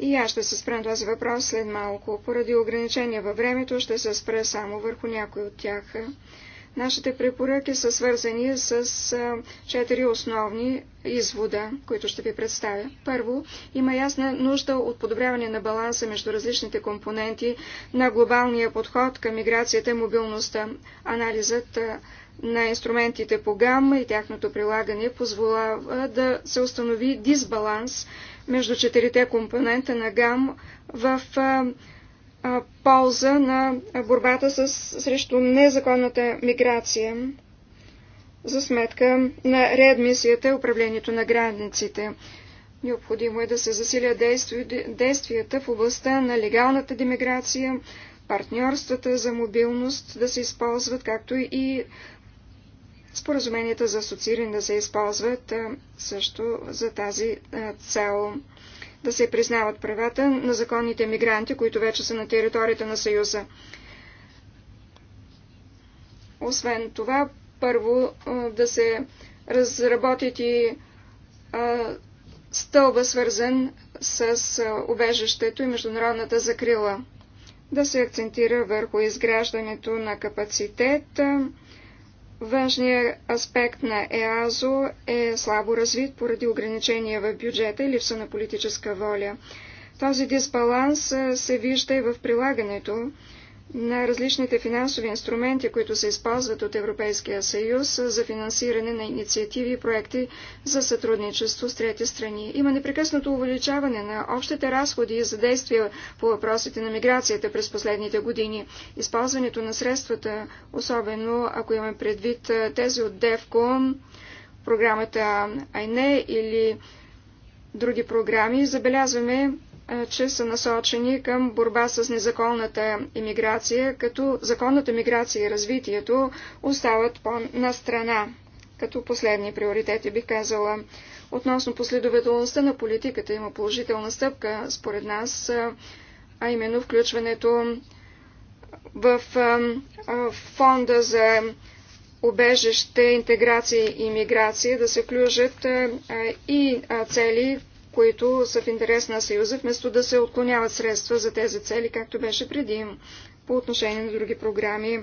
И аз ще се спрем този въпрос след малко. Поради ограничения във времето ще се спре само върху някои от тях. Нашите препоръки са свързани с четири основни извода, които ще ви представя. Първо, има ясна нужда от подобряване на баланса между различните компоненти на глобалния подход към миграцията и мобилността. Анализът на инструментите по гамма и тяхното прилагане позволява да се установи дисбаланс между четирите компонента на ГАМ в полза на борбата с, срещу незаконната миграция за сметка на реадмисията и управлението на границите. Необходимо е да се засилят действията в областта на легалната демиграция, партньорствата за мобилност да се използват, както и Споразуменията за асоцииране да се използват също за тази цел. Да се признават правата на законните мигранти, които вече са на територията на Съюза. Освен това, първо да се разработят и стълба, свързан с убежището и международната закрила. Да се акцентира върху изграждането на капацитет, Външният аспект на ЕАЗО е слабо развит поради ограничения в бюджета и липса на политическа воля. Този дисбаланс се вижда и в прилагането на различните финансови инструменти, които се използват от Европейския съюз за финансиране на инициативи и проекти за сътрудничество с трети страни. Има непрекъснато увеличаване на общите разходи за действия по въпросите на миграцията през последните години. Използването на средствата, особено ако имаме предвид тези от ДЕВКО, програмата АЙНЕ или други програми, забелязваме е, че са насочени към борба с незаконната иммиграция, като законната миграция и развитието остават по-на страна, като последни приоритети, бих казала. Относно последователността на политиката има положителна стъпка, според нас, е, а именно включването в е, фонда за обежище, интеграция и иммиграция да се включат и цели, които са в интерес на Съюза, вместо да се отклоняват средства за тези цели, както беше преди по отношение на други програми.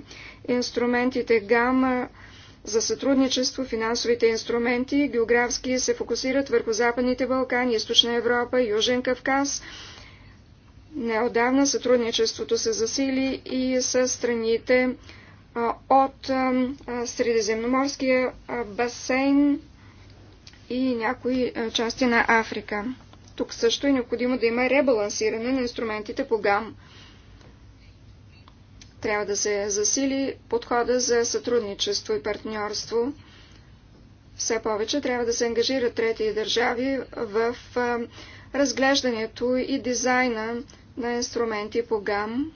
Инструментите ГАМА за сътрудничество, финансовите инструменти географски се фокусират върху Западните Балкани, Източна Европа, Южен Кавказ. Неодавна сътрудничеството се засили и с страните от Средиземноморския басейн и някои е, части на Африка. Тук също е необходимо да има ребалансиране на инструментите по ГАМ. Трябва да се засили подхода за сътрудничество и партньорство. Все повече трябва да се ангажират трети държави в е, разглеждането и дизайна на инструменти по ГАМ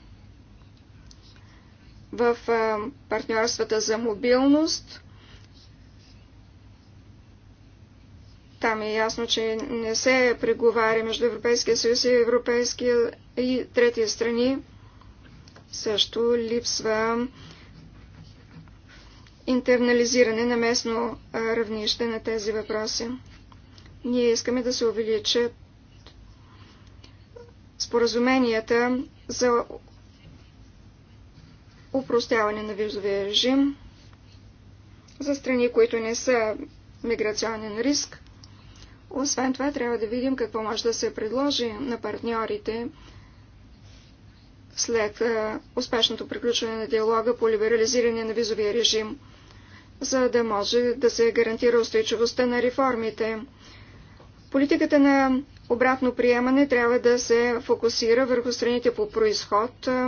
в е, партньорствата за мобилност – Там е ясно, че не се преговаря между Европейския съюз и Европейския и трети страни. Също липсва интернализиране на местно равнище на тези въпроси. Ние искаме да се увеличат споразуменията за упростяване на визовия режим за страни, които не са миграционен риск. Освен това, трябва да видим какво може да се предложи на партньорите след е, успешното приключване на диалога по либерализиране на визовия режим, за да може да се гарантира устойчивостта на реформите. Политиката на обратно приемане трябва да се фокусира върху страните по происход, е,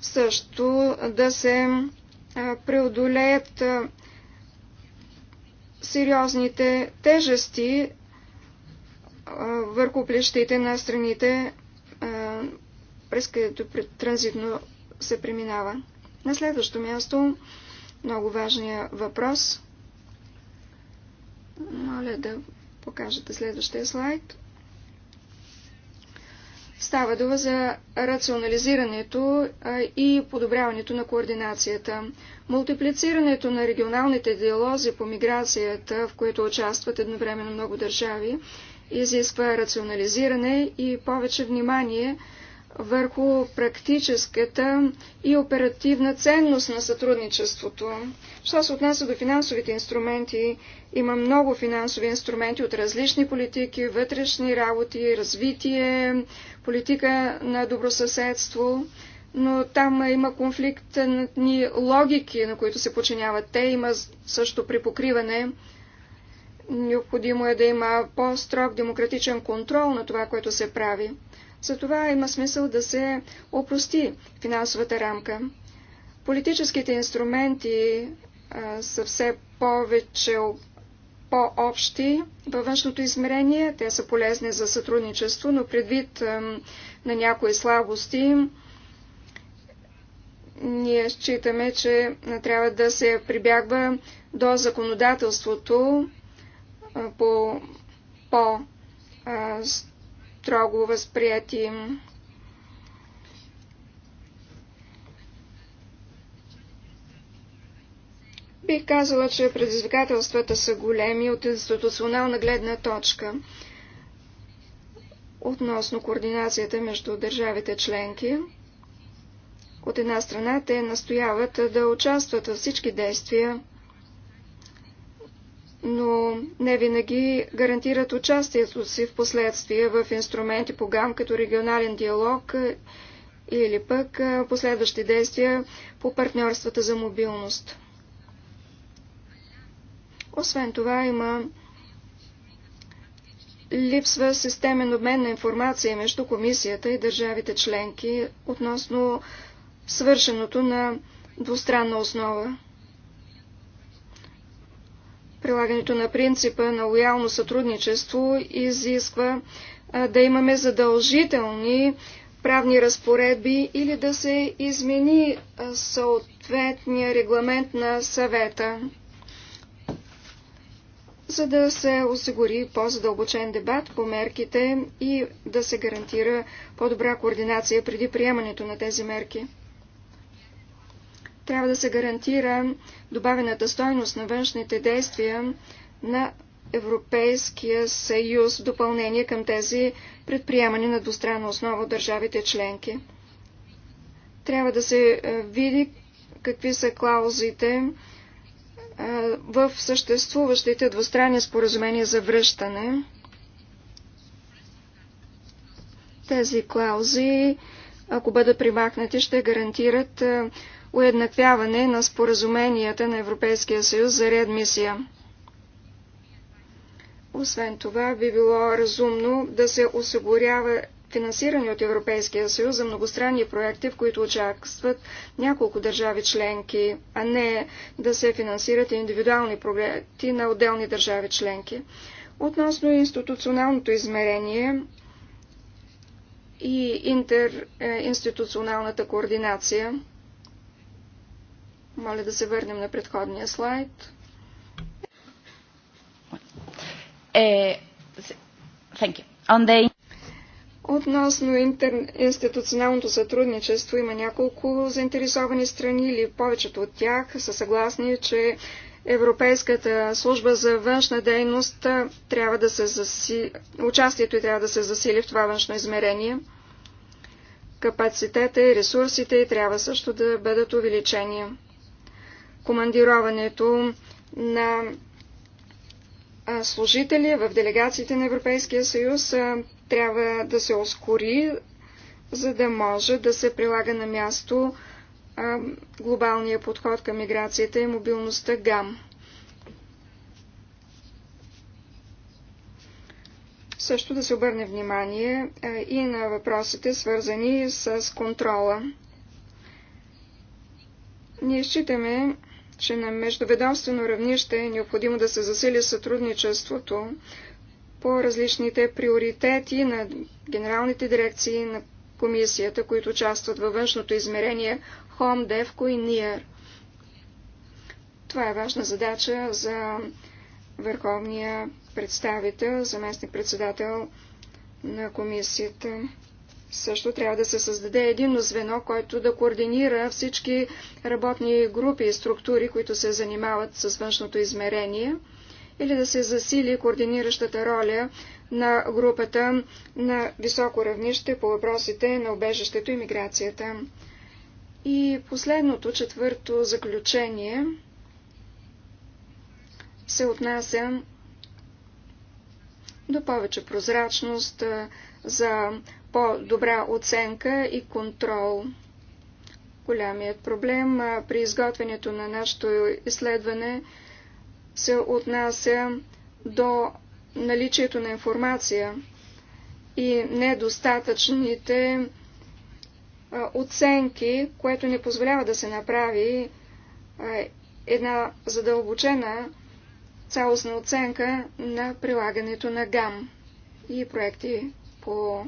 също да се е, преодолеят сериозните тежести върху плещите на страните, през където транзитно се преминава. На следващо място, много важния въпрос. Моля да покажете следващия слайд. Става дума за рационализирането и подобряването на координацията. Мултиплицирането на регионалните диалози по миграцията, в които участват едновременно много държави, изисква рационализиране и повече внимание – върху практическата и оперативна ценност на сътрудничеството. Що се отнася до финансовите инструменти, има много финансови инструменти от различни политики, вътрешни работи, развитие, политика на добросъседство, но там има конфликтни логики, на които се подчиняват те, има също припокриване. Необходимо е да има по-строг демократичен контрол на това, което се прави. Затова има смисъл да се опрости финансовата рамка. Политическите инструменти а, са все повече по-общи във външното измерение. Те са полезни за сътрудничество, но предвид а, на някои слабости, ние считаме, че трябва да се прибягва до законодателството а, по по а, строго възприяти. Бих казала, че предизвикателствата са големи от институционална гледна точка относно координацията между държавите членки. От една страна те настояват да участват във всички действия но не винаги гарантират участието си в последствие в инструменти по ГАМ, като регионален диалог е, или пък е, последващи действия по партньорствата за мобилност. Освен това има липсва системен обмен на информация между комисията и държавите членки относно свършеното на двустранна основа. Прилагането на принципа на лоялно сътрудничество изисква да имаме задължителни правни разпоредби или да се измени съответния регламент на съвета, за да се осигури по-задълбочен дебат по мерките и да се гарантира по-добра координация преди приемането на тези мерки трябва да се гарантира добавената стойност на външните действия на Европейския съюз в допълнение към тези предприемани на двустранна основа държавите членки. Трябва да се е, види какви са клаузите е, в съществуващите двустранни споразумения за връщане. Тези клаузи, ако бъдат примахнати, ще гарантират е, уеднаквяване на споразуменията на Европейския съюз за реадмисия. Освен това, би било разумно да се осигурява финансиране от Европейския съюз за многостранни проекти, в които участват няколко държави членки, а не да се финансират индивидуални проекти на отделни държави членки. Относно институционалното измерение и е, институционалната координация, моля да се върнем на предходния слайд. Е,
thank you.
Относно институционалното сътрудничество има няколко заинтересовани страни или повечето от тях са съгласни, че Европейската служба за външна дейност трябва да се засили, участието и трябва да се засили в това външно измерение. Капацитета и ресурсите и трябва също да бъдат увеличени командироването на служители в делегациите на Европейския съюз трябва да се ускори, за да може да се прилага на място глобалния подход към миграцията и мобилността ГАМ. Също да се обърне внимание и на въпросите, свързани с контрола. Ние считаме, че на междуведомствено равнище е необходимо да се засили сътрудничеството по различните приоритети на генералните дирекции на комисията, които участват във външното измерение Home, DEFCO и NIR. Това е важна задача за върховния представител, заместник-председател на комисията. Също трябва да се създаде един звено, което да координира всички работни групи и структури, които се занимават с външното измерение, или да се засили координиращата роля на групата на високо равнище по въпросите на обежището и миграцията. И последното, четвърто заключение се отнася до повече прозрачност за по-добра оценка и контрол. Голямият проблем при изготвянето на нашето изследване се отнася до наличието на информация и недостатъчните оценки, което не позволява да се направи една задълбочена цялостна оценка на прилагането на ГАМ и проекти по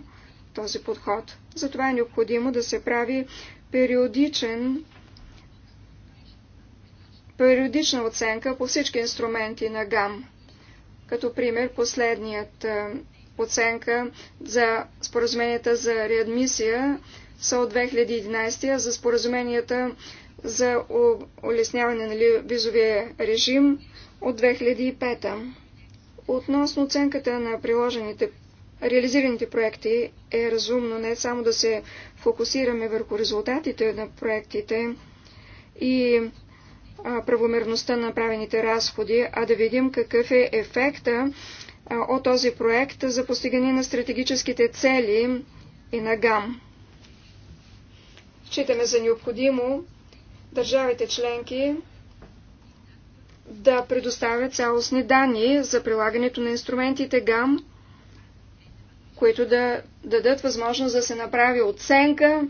този подход. Затова е необходимо да се прави периодичен периодична оценка по всички инструменти на ГАМ. Като пример, последният е, оценка за споразуменията за реадмисия са от 2011 за споразуменията за улесняване на нали, визовия режим от 2005 -та. Относно оценката на приложените реализираните проекти е разумно не само да се фокусираме върху резултатите на проектите и правомерността на правените разходи, а да видим какъв е ефекта от този проект за постигане на стратегическите цели и на ГАМ. Считаме за необходимо държавите членки да предоставят цялостни данни за прилагането на инструментите ГАМ които да дадат възможност да се направи оценка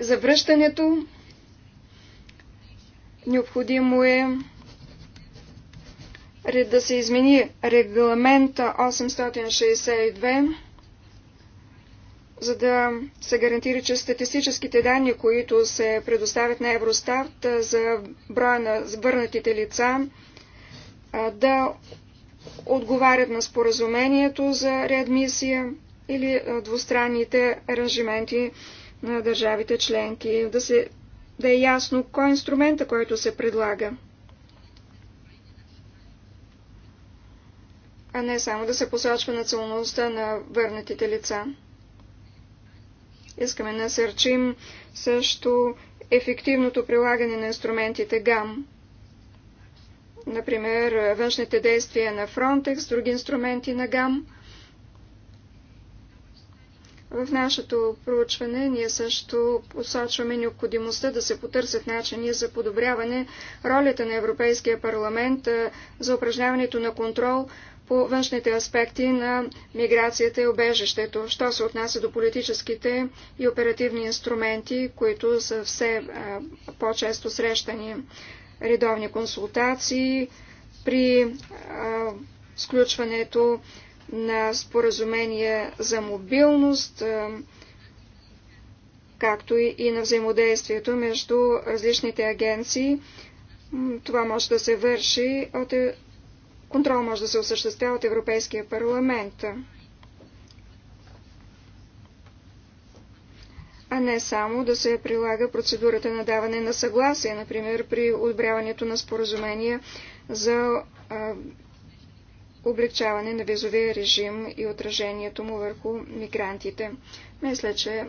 за връщането. Необходимо е да се измени регламента 862, за да се гарантира, че статистическите данни, които се предоставят на Евростарт за броя на върнатите лица, да отговарят на споразумението за реадмисия, или двустранните аранжименти на държавите членки, да, се, да е ясно кой е инструмента, който се предлага. а не само да се посочва националността на върнатите лица. Искаме да насърчим също ефективното прилагане на инструментите ГАМ, например външните действия на Frontex, други инструменти на ГАМ – в нашето проучване ние също посочваме необходимостта да се потърсят начини за подобряване ролята на Европейския парламент за упражняването на контрол по външните аспекти на миграцията и обежището, що се отнася до политическите и оперативни инструменти, които са все по-често срещани. Редовни консултации при сключването на споразумения за мобилност, както и на взаимодействието между различните агенции. Това може да се върши от е, контрол може да се осъществява от Европейския парламент, а не само да се прилага процедурата на даване на съгласие, например при одобряването на споразумения за облегчаване на визовия режим и отражението му върху мигрантите. Мисля, че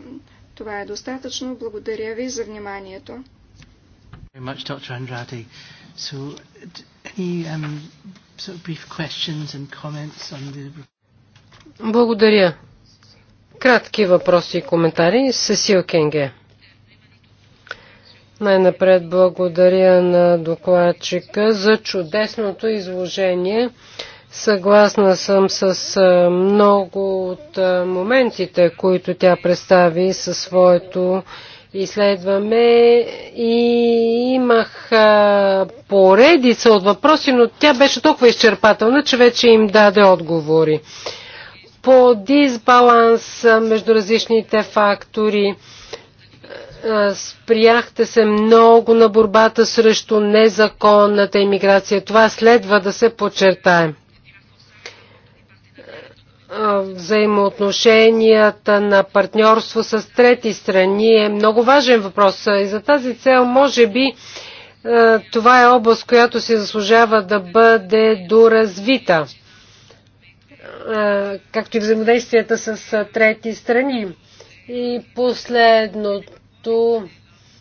това е достатъчно. Благодаря ви за вниманието.
Um, благодаря. Кратки въпроси и коментари. с Сесил Кенге. Най-напред благодаря на докладчика за чудесното изложение. Съгласна съм с много от моментите, които тя представи със своето изследваме и имах поредица от въпроси, но тя беше толкова изчерпателна, че вече им даде отговори. По дисбаланс между различните фактори спряхте се много на борбата срещу незаконната иммиграция. Това следва да се подчертаем взаимоотношенията на партньорство с трети страни е много важен въпрос. И за тази цел, може би, е, това е област, която се заслужава да бъде доразвита, е, както и взаимодействията с е, трети страни. И последното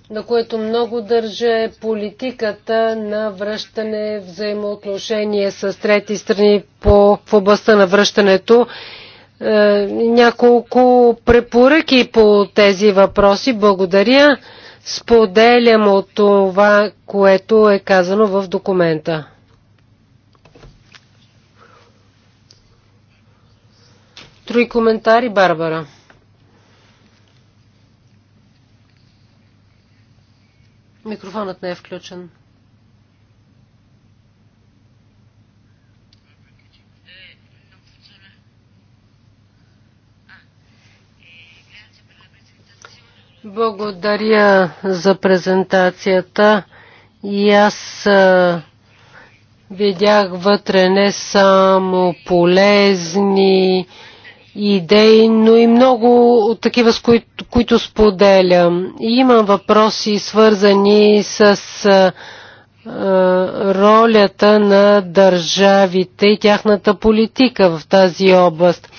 на което много държа е политиката на връщане, взаимоотношение с трети страни по, в областта на връщането. Е, няколко препоръки по тези въпроси. Благодаря. Споделям от това, което е казано в документа. Три коментари, Барбара. Микрофонът не е включен. Благодаря за презентацията. И аз видях вътре не само полезни идеи, но и много от такива, с които, които споделям. И имам въпроси, свързани с а, ролята на държавите и тяхната политика в тази област.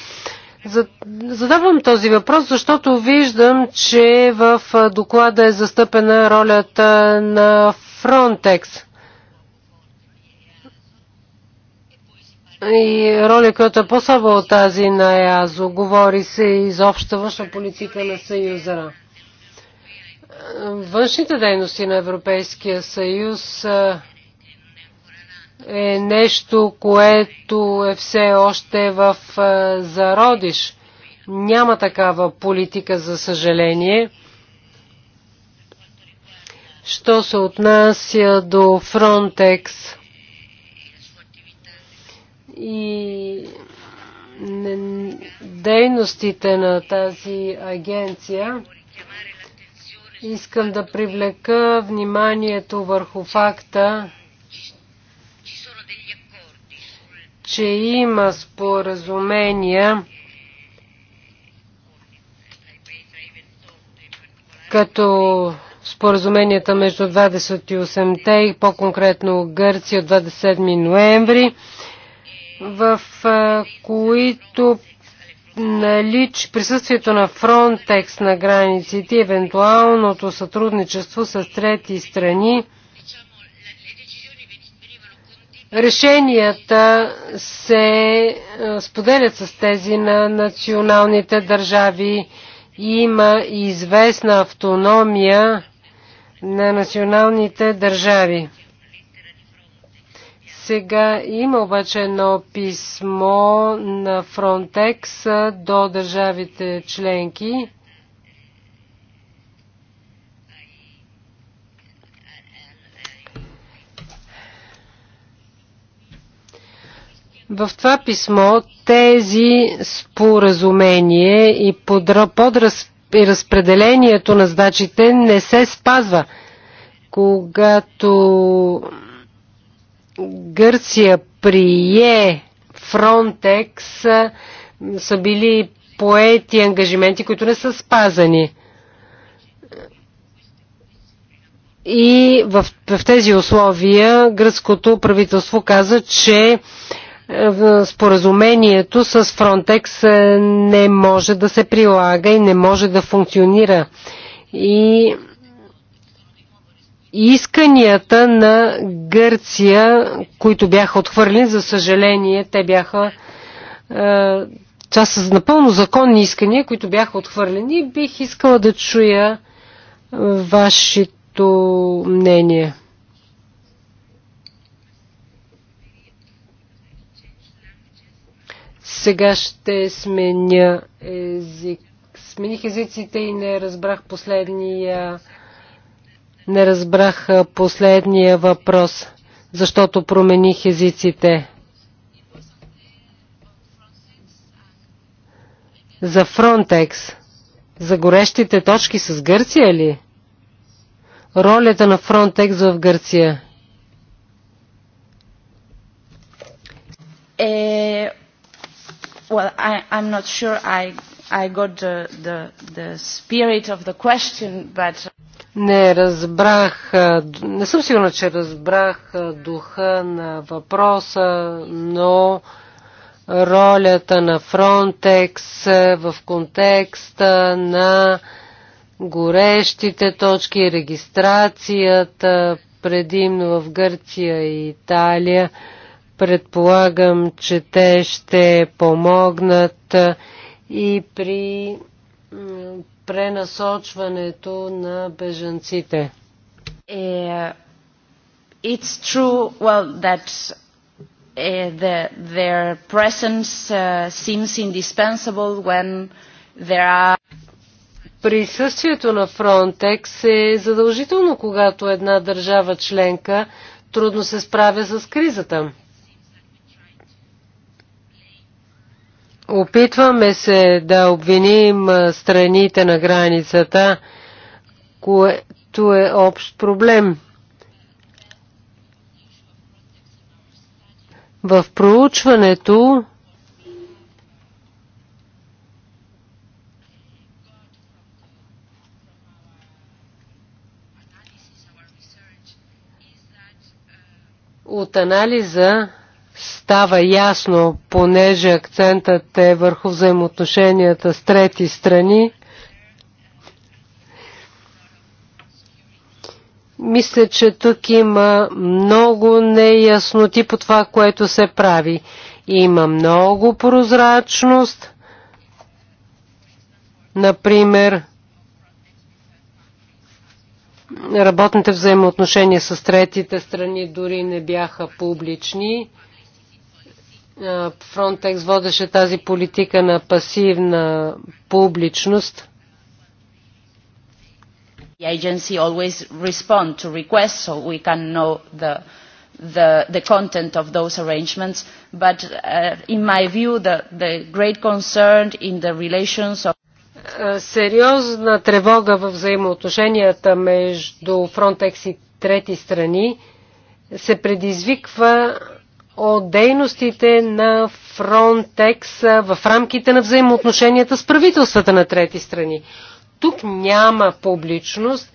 Задавам този въпрос, защото виждам, че в доклада е застъпена ролята на Фронтекс. и роля, която е по-слаба от тази на ЕАЗО. Говори се и за обща външна политика на Съюза. Външните дейности на Европейския съюз е нещо, което е все още в зародиш. Няма такава политика, за съжаление. Що се отнася до Фронтекс? и дейностите на тази агенция, искам да привлека вниманието върху факта, че има споразумения като споразуменията между 28-те и по-конкретно Гърция от 27 ноември в които налич, присъствието на Фронтекс на границите и евентуалното сътрудничество с трети страни, решенията се споделят с тези на националните държави. Има известна автономия на националните държави. Сега има обаче едно писмо на Фронтекс до държавите членки. В това писмо тези споразумение и подразпределението на задачите не се спазва. Когато Гърция прие Фронтекс, са били поети ангажименти, които не са спазани. И в, в тези условия гръцкото правителство каза, че е, споразумението с Фронтекс е, не може да се прилага и не може да функционира. И исканията на Гърция, които бяха отхвърлени, за съжаление, те бяха част е, с напълно законни искания, които бяха отхвърлени. Бих искала да чуя е, вашето мнение. Сега ще сменя език. Смених езиците и не разбрах последния не разбрах последния въпрос, защото промених езиците. За Фронтекс. За горещите точки с Гърция ли? Ролята на Фронтекс в Гърция.
Е, well,
I, I'm not sure I, I got the, the, the spirit of the question, but не разбрах, не съм сигурна, че разбрах духа на въпроса, но ролята на Фронтекс в контекста на горещите точки, регистрацията, предимно в Гърция и Италия. Предполагам, че те ще помогнат и при пренасочването на бежанците. Uh, it's true, well, that uh, the, their presence uh, seems indispensable when there are Присъствието на Frontex е задължително, когато една държава членка трудно се справя с кризата. Опитваме се да обвиним страните на границата, което е общ проблем. В проучването от анализа става ясно, понеже акцентът е върху взаимоотношенията с трети страни. Мисля, че тук има много неясноти по това, което се прави. Има много прозрачност. Например, работните взаимоотношения с третите страни дори не бяха публични. Фронтекс водеше тази политика на пасивна публичност. The agency always respond to requests so we can know the the, the content of those arrangements. But uh, in my view, the, the great concern in the relations of Сериозна тревога в взаимоотношенията между Frontex и трети страни се предизвиква от дейностите на Фронтекс в рамките на взаимоотношенията с правителствата на трети страни. Тук няма публичност,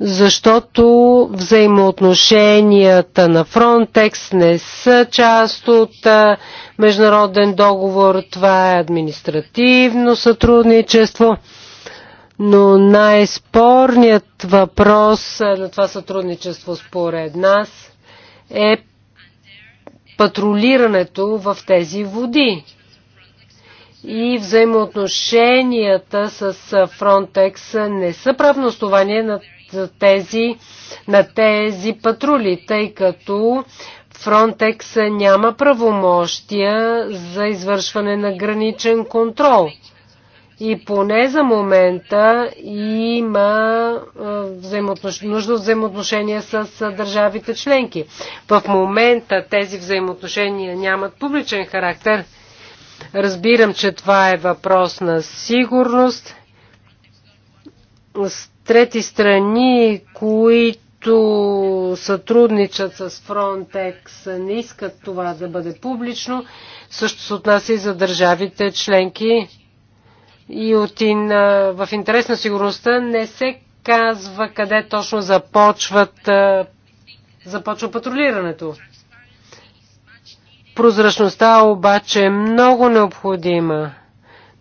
защото взаимоотношенията на Фронтекс не са част от международен договор. Това е административно сътрудничество. Но най-спорният въпрос на това сътрудничество според нас е патрулирането в тези води и взаимоотношенията с Фронтекс не са правно основание на тези, на тези патрули, тъй като Фронтекс няма правомощия за извършване на граничен контрол. И поне за момента има нужда от взаимоотношения с държавите членки. В момента тези взаимоотношения нямат публичен характер. Разбирам, че това е въпрос на сигурност. С трети страни, които сътрудничат с Frontex, не искат това да бъде публично. Също се отнася и за държавите членки и от ин, в интерес на сигурността не се казва къде точно започват, започва патрулирането. Прозрачността обаче е много необходима.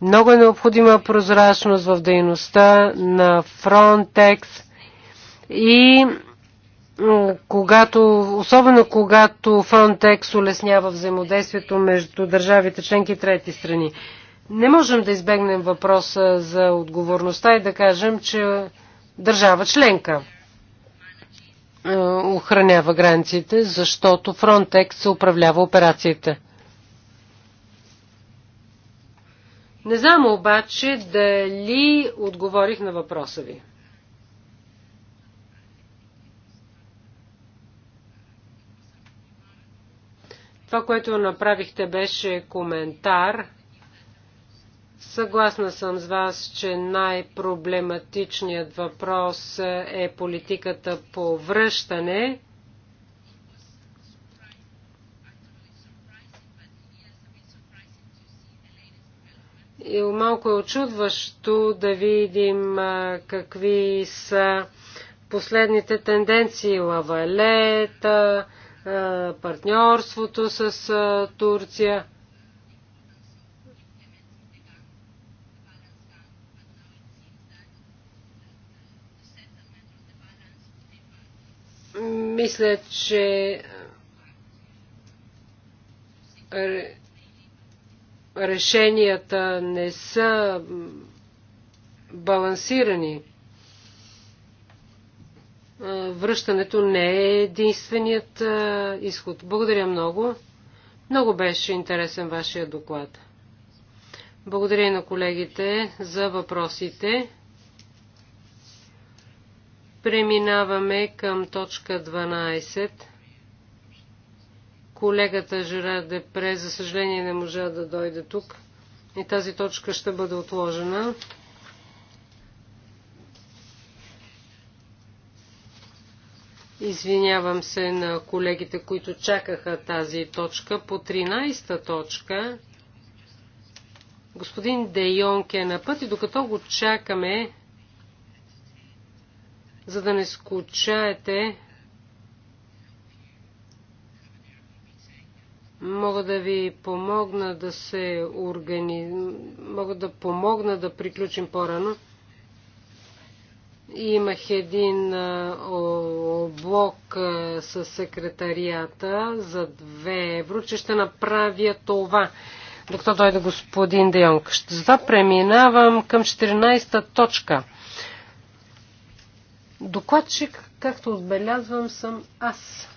Много е необходима прозрачност в дейността на Frontex и когато, особено когато Frontex улеснява взаимодействието между държавите членки и трети страни. Не можем да избегнем въпроса за отговорността и да кажем, че държава членка е, охранява границите, защото Frontex се управлява операциите. Не знам обаче дали отговорих на въпроса ви. Това, което направихте, беше коментар Съгласна съм с вас, че най-проблематичният въпрос е политиката по връщане. И малко е очудващо да видим какви са последните тенденции. Лавалета, партньорството с Турция – Мисля, че е, решенията не са балансирани. Е, връщането не е единственият е, изход. Благодаря много. Много беше интересен вашия доклад. Благодаря и на колегите за въпросите. Преминаваме към точка 12. Колегата Жерар Депре, за съжаление, не можа да дойде тук и тази точка ще бъде отложена. Извинявам се на колегите, които чакаха тази точка. По 13-та точка господин Де Йонг е на път и докато го чакаме, за да не скучаете, мога да ви помогна да се органи... мога да помогна да приключим по-рано. Имах един блок с секретарията за 2 евро, че ще направя това, докато дойде господин Дейонг. Затова преминавам към 14-та точка – Докладчик, както отбелязвам, съм аз.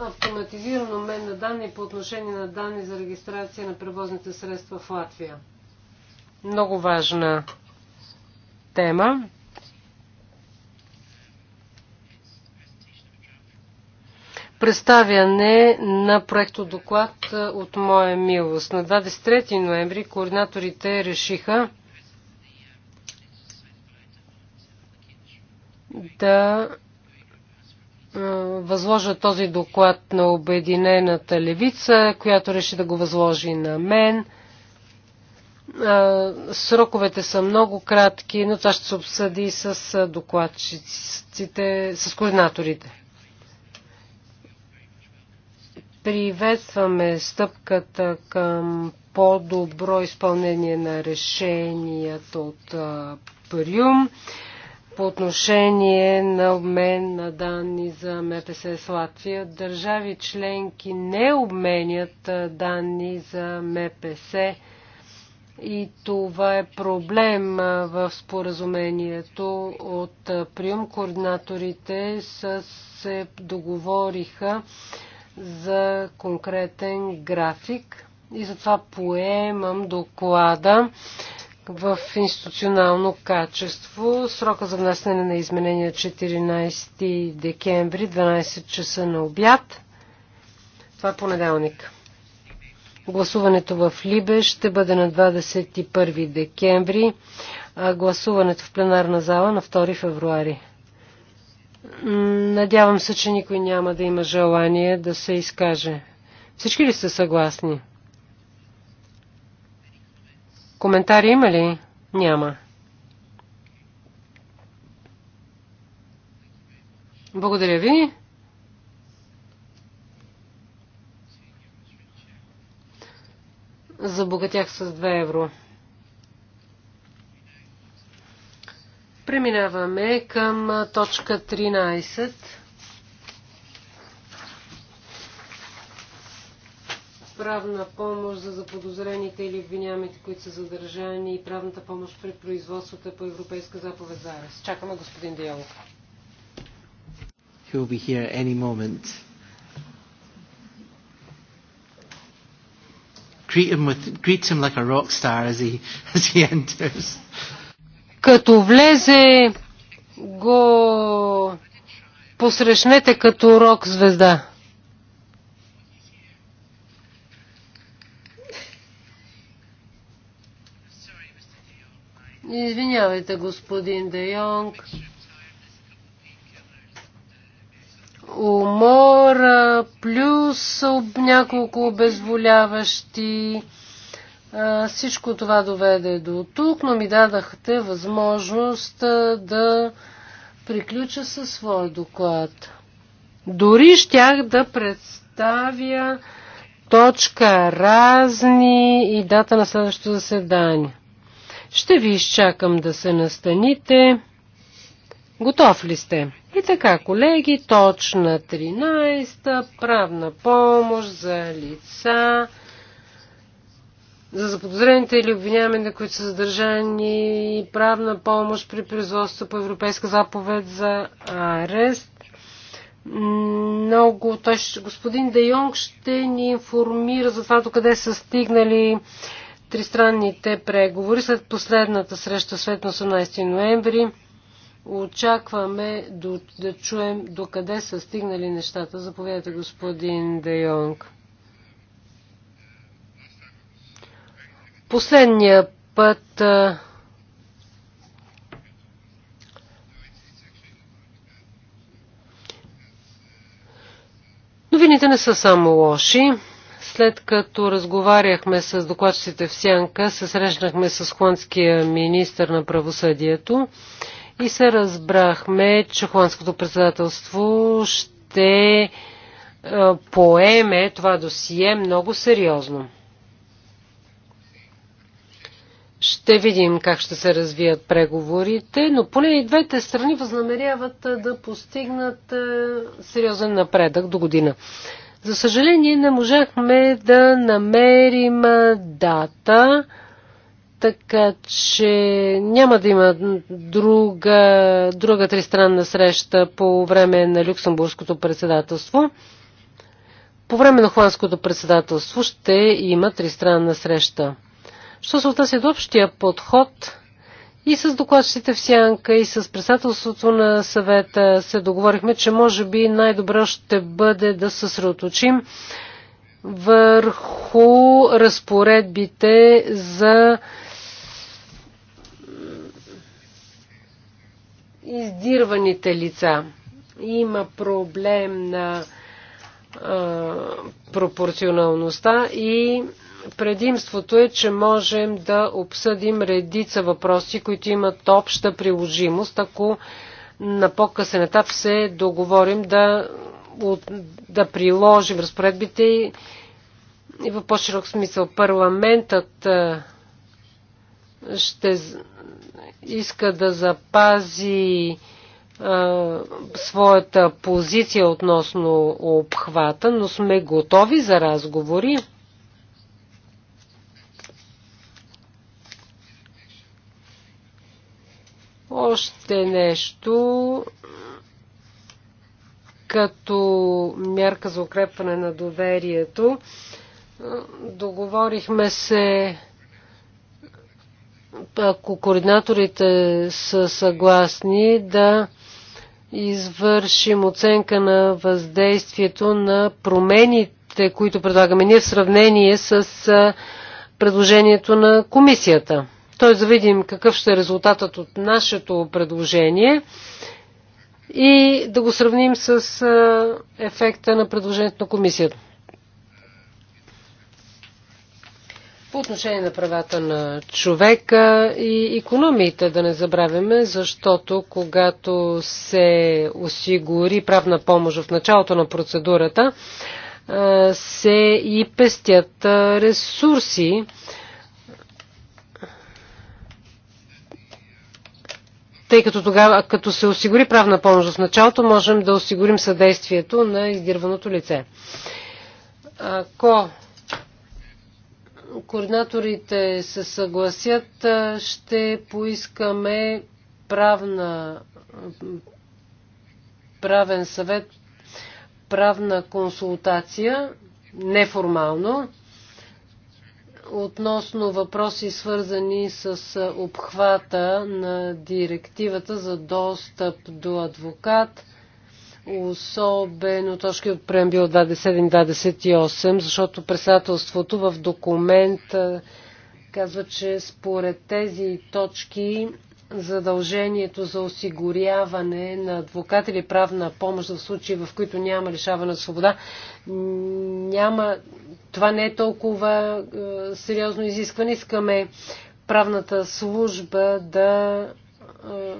Автоматизирано мен на данни по отношение на данни за регистрация на превозните средства в Латвия. Много важна тема. представяне на проекто доклад от моя милост. На 23 ноември координаторите решиха да възложа този доклад на Обединената левица, която реши да го възложи на мен. Сроковете са много кратки, но това ще се обсъди с докладчиците, с координаторите. Приветстваме стъпката към по-добро изпълнение на решенията от Париум. Uh, по отношение на обмен на данни за МПС с Латвия. Държави членки не обменят данни за МПС и това е проблем в споразумението от прием. Координаторите се договориха за конкретен график и затова поемам доклада в институционално качество. Срока за внасяне на изменения 14 е декември, 12 часа на обяд. Това е понеделник. Гласуването в Либе ще бъде на 21 декември, а гласуването в пленарна зала на 2 февруари. Надявам се, че никой няма да има желание да се изкаже. Всички ли сте съгласни? Коментари има ли? Няма. Благодаря ви. Забогатях с 2 евро. Преминаваме към точка 13. правна помощ за заподозрените или обвинямите, които са задържани и правната помощ при производствата по Европейска заповед за арест. Чакаме господин Диалов.
be here any moment.
Greet him, with, greet him like a rock star as he, as he enters. Като влезе, го посрещнете като рок звезда. Извинявайте, господин Де Йонг. Умора плюс няколко обезволяващи. Всичко това доведе до тук, но ми дадахте възможност да приключа със своя доклад. Дори щях да представя точка разни и дата на следващото заседание. Ще ви изчакам да се настаните. Готов ли сте? И така, колеги, точна 13, та правна помощ за лица, за заподозрените или обвиняваме, които са задържани, правна помощ при производство по Европейска заповед за арест. Много, той господин Де Йонг ще ни информира за това, докъде са стигнали тристранните преговори след последната среща след 18 ноември. Очакваме да, да чуем докъде са стигнали нещата. Заповядайте, господин Де Йонг. Последния път а, новините не са само лоши. След като разговаряхме с докладчиците в Сянка, се срещнахме с хуанския министр на правосъдието и се разбрахме, че хуанското председателство ще поеме това досие много сериозно. Ще видим как ще се развият преговорите, но поне и двете страни възнамеряват да постигнат сериозен напредък до година. За съжаление, не можахме да намерим дата, така че няма да има друга, друга тристранна среща по време на Люксембургското председателство. По време на Холандското председателство ще има тристранна среща. Що се отнася до общия подход, и с докладчите в Сянка, и с председателството на съвета се договорихме, че може би най-добро ще бъде да се съсредоточим върху разпоредбите за издирваните лица. Има проблем на а, пропорционалността и Предимството е, че можем да обсъдим редица въпроси, които имат обща приложимост, ако на по-късен етап се договорим да, да приложим разпоредбите и, и в по-широк смисъл парламентът е, ще иска да запази е, своята позиция относно обхвата, но сме готови за разговори. Още нещо като мярка за укрепване на доверието. Договорихме се, ако координаторите са съгласни, да извършим оценка на въздействието на промените, които предлагаме ние в сравнение с предложението на комисията т.е. да видим какъв ще е резултатът от нашето предложение и да го сравним с ефекта на предложението на комисията. По отношение на правата на човека и економиите да не забравяме, защото когато се осигури правна помощ в началото на процедурата, се и пестят ресурси, тъй като тогава, като се осигури правна помощ в началото, можем да осигурим съдействието на издирваното лице. Ако координаторите се съгласят, ще поискаме правна, правен съвет, правна консултация, неформално относно въпроси свързани с обхвата на директивата за достъп до адвокат, особено точки от преамбил 27-28, защото председателството в документ казва, че според тези точки задължението за осигуряване на адвокат или правна помощ в случаи, в които няма лишаване от свобода, няма, това не е толкова е, сериозно изискване. Искаме правната служба да е,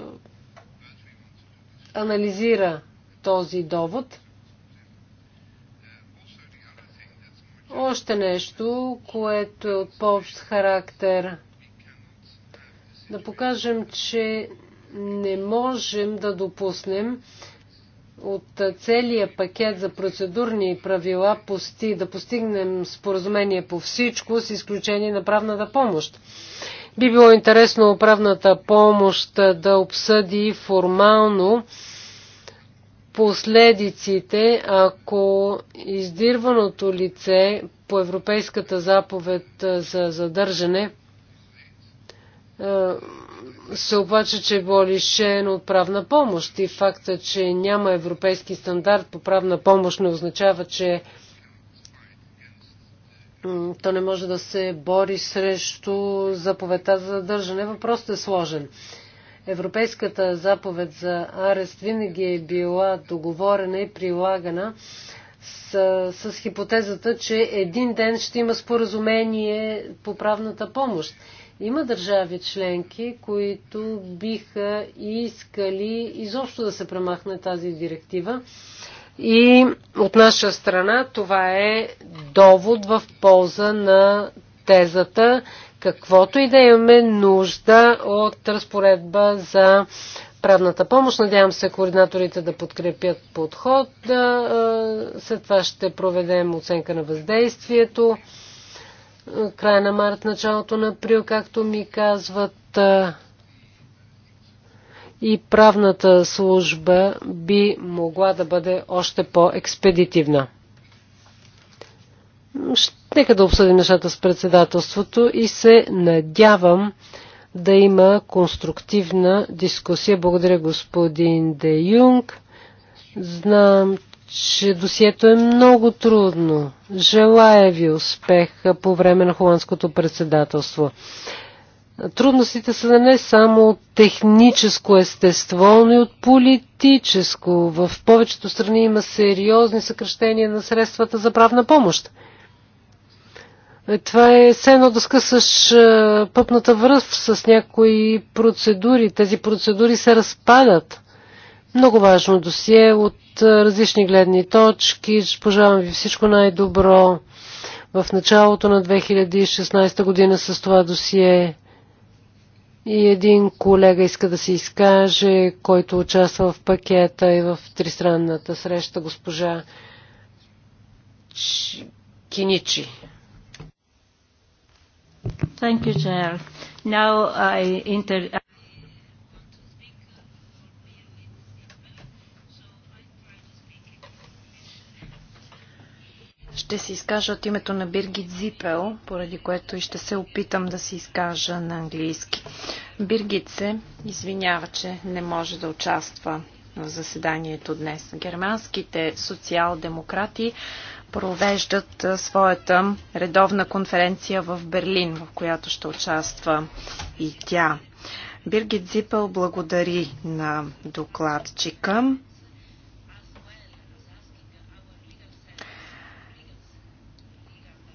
анализира този довод. Още нещо, което е от по-общ характер. Да покажем, че не можем да допуснем от целия пакет за процедурни правила пости, да постигнем споразумение по всичко, с изключение на правната помощ. Би било интересно правната помощ да обсъди формално последиците, ако издирваното лице по Европейската заповед за задържане е, се обаче, че е било лишен от правна помощ и факта, че няма европейски стандарт по правна помощ не означава, че то не може да се бори срещу заповедта за задържане. Въпросът е сложен. Европейската заповед за арест винаги е била договорена и прилагана с, с хипотезата, че един ден ще има споразумение по правната помощ. Има държави членки, които биха искали изобщо да се премахне тази директива. И от наша страна това е довод в полза на тезата, каквото и да имаме нужда от разпоредба за правната помощ. Надявам се координаторите да подкрепят подход. Е, е, след това ще проведем оценка на въздействието края на март, началото на април, както ми казват и правната служба би могла да бъде още по-експедитивна. Нека да обсъдим нещата с председателството и се надявам да има конструктивна дискусия. Благодаря господин Де Юнг. Знам, че досието е много трудно. Желая ви успех по време на холандското председателство. Трудностите са не само от техническо естество, но и от политическо. В повечето страни има сериозни съкръщения на средствата за правна помощ. Това е все едно да скъсаш е, пъпната връв с някои процедури. Тези процедури се разпадат. Много важно досие от различни гледни точки. Пожелавам ви всичко най-добро в началото на 2016 година с това досие. И един колега иска да се изкаже, който участва в пакета и в тристранната среща, госпожа Киничи. Thank you, Now I inter...
Ще се изкажа от името на Биргит Зипел, поради което и ще се опитам да се изкажа на английски. Биргит се извинява, че не може да участва в заседанието днес. Германските социал-демократи провеждат своята редовна конференция в Берлин, в която ще участва и тя. Биргит Зипел благодари на докладчика.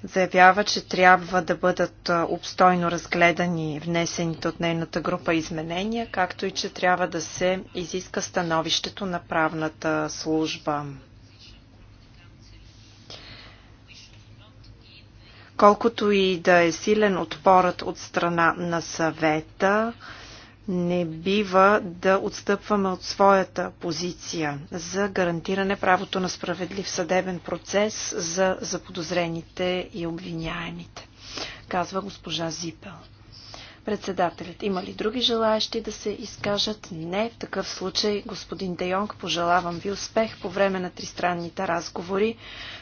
заявява, че трябва да бъдат обстойно разгледани внесените от нейната група изменения, както и че трябва да се изиска становището на правната служба. Колкото и да е силен отпорът от страна на съвета, не бива да отстъпваме от своята позиция за гарантиране правото на справедлив съдебен процес за заподозрените и обвиняемите, казва госпожа Зипел. Председателят, има ли други желаящи да се изкажат? Не. В такъв случай, господин Дейонг, пожелавам ви успех по време на тристранните разговори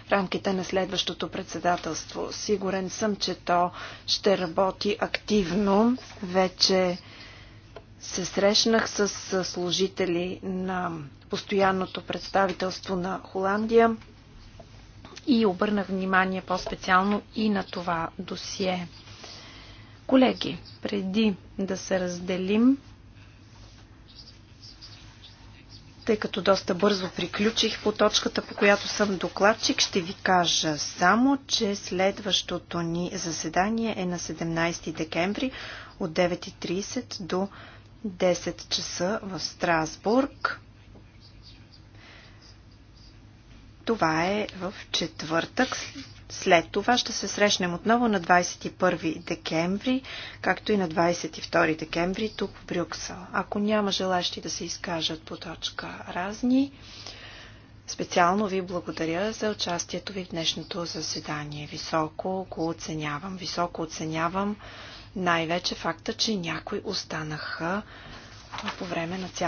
в рамките на следващото председателство. Сигурен съм, че то ще работи активно. Вече се срещнах с служители на постоянното представителство на Холандия и обърнах внимание по-специално и на това досие. Колеги, преди да се разделим, тъй като доста бързо приключих по точката, по която съм докладчик, ще ви кажа само, че следващото ни заседание е на 17 декември от 9.30 до 10 часа в Страсбург. Това е в четвъртък. След това ще се срещнем отново на 21 декември, както и на 22 декември тук в Брюксел. Ако няма желащи да се изкажат по точка разни, специално ви благодаря за участието ви в днешното заседание. Високо го оценявам. Високо оценявам
най-вече факта, че някои останаха по време на цялата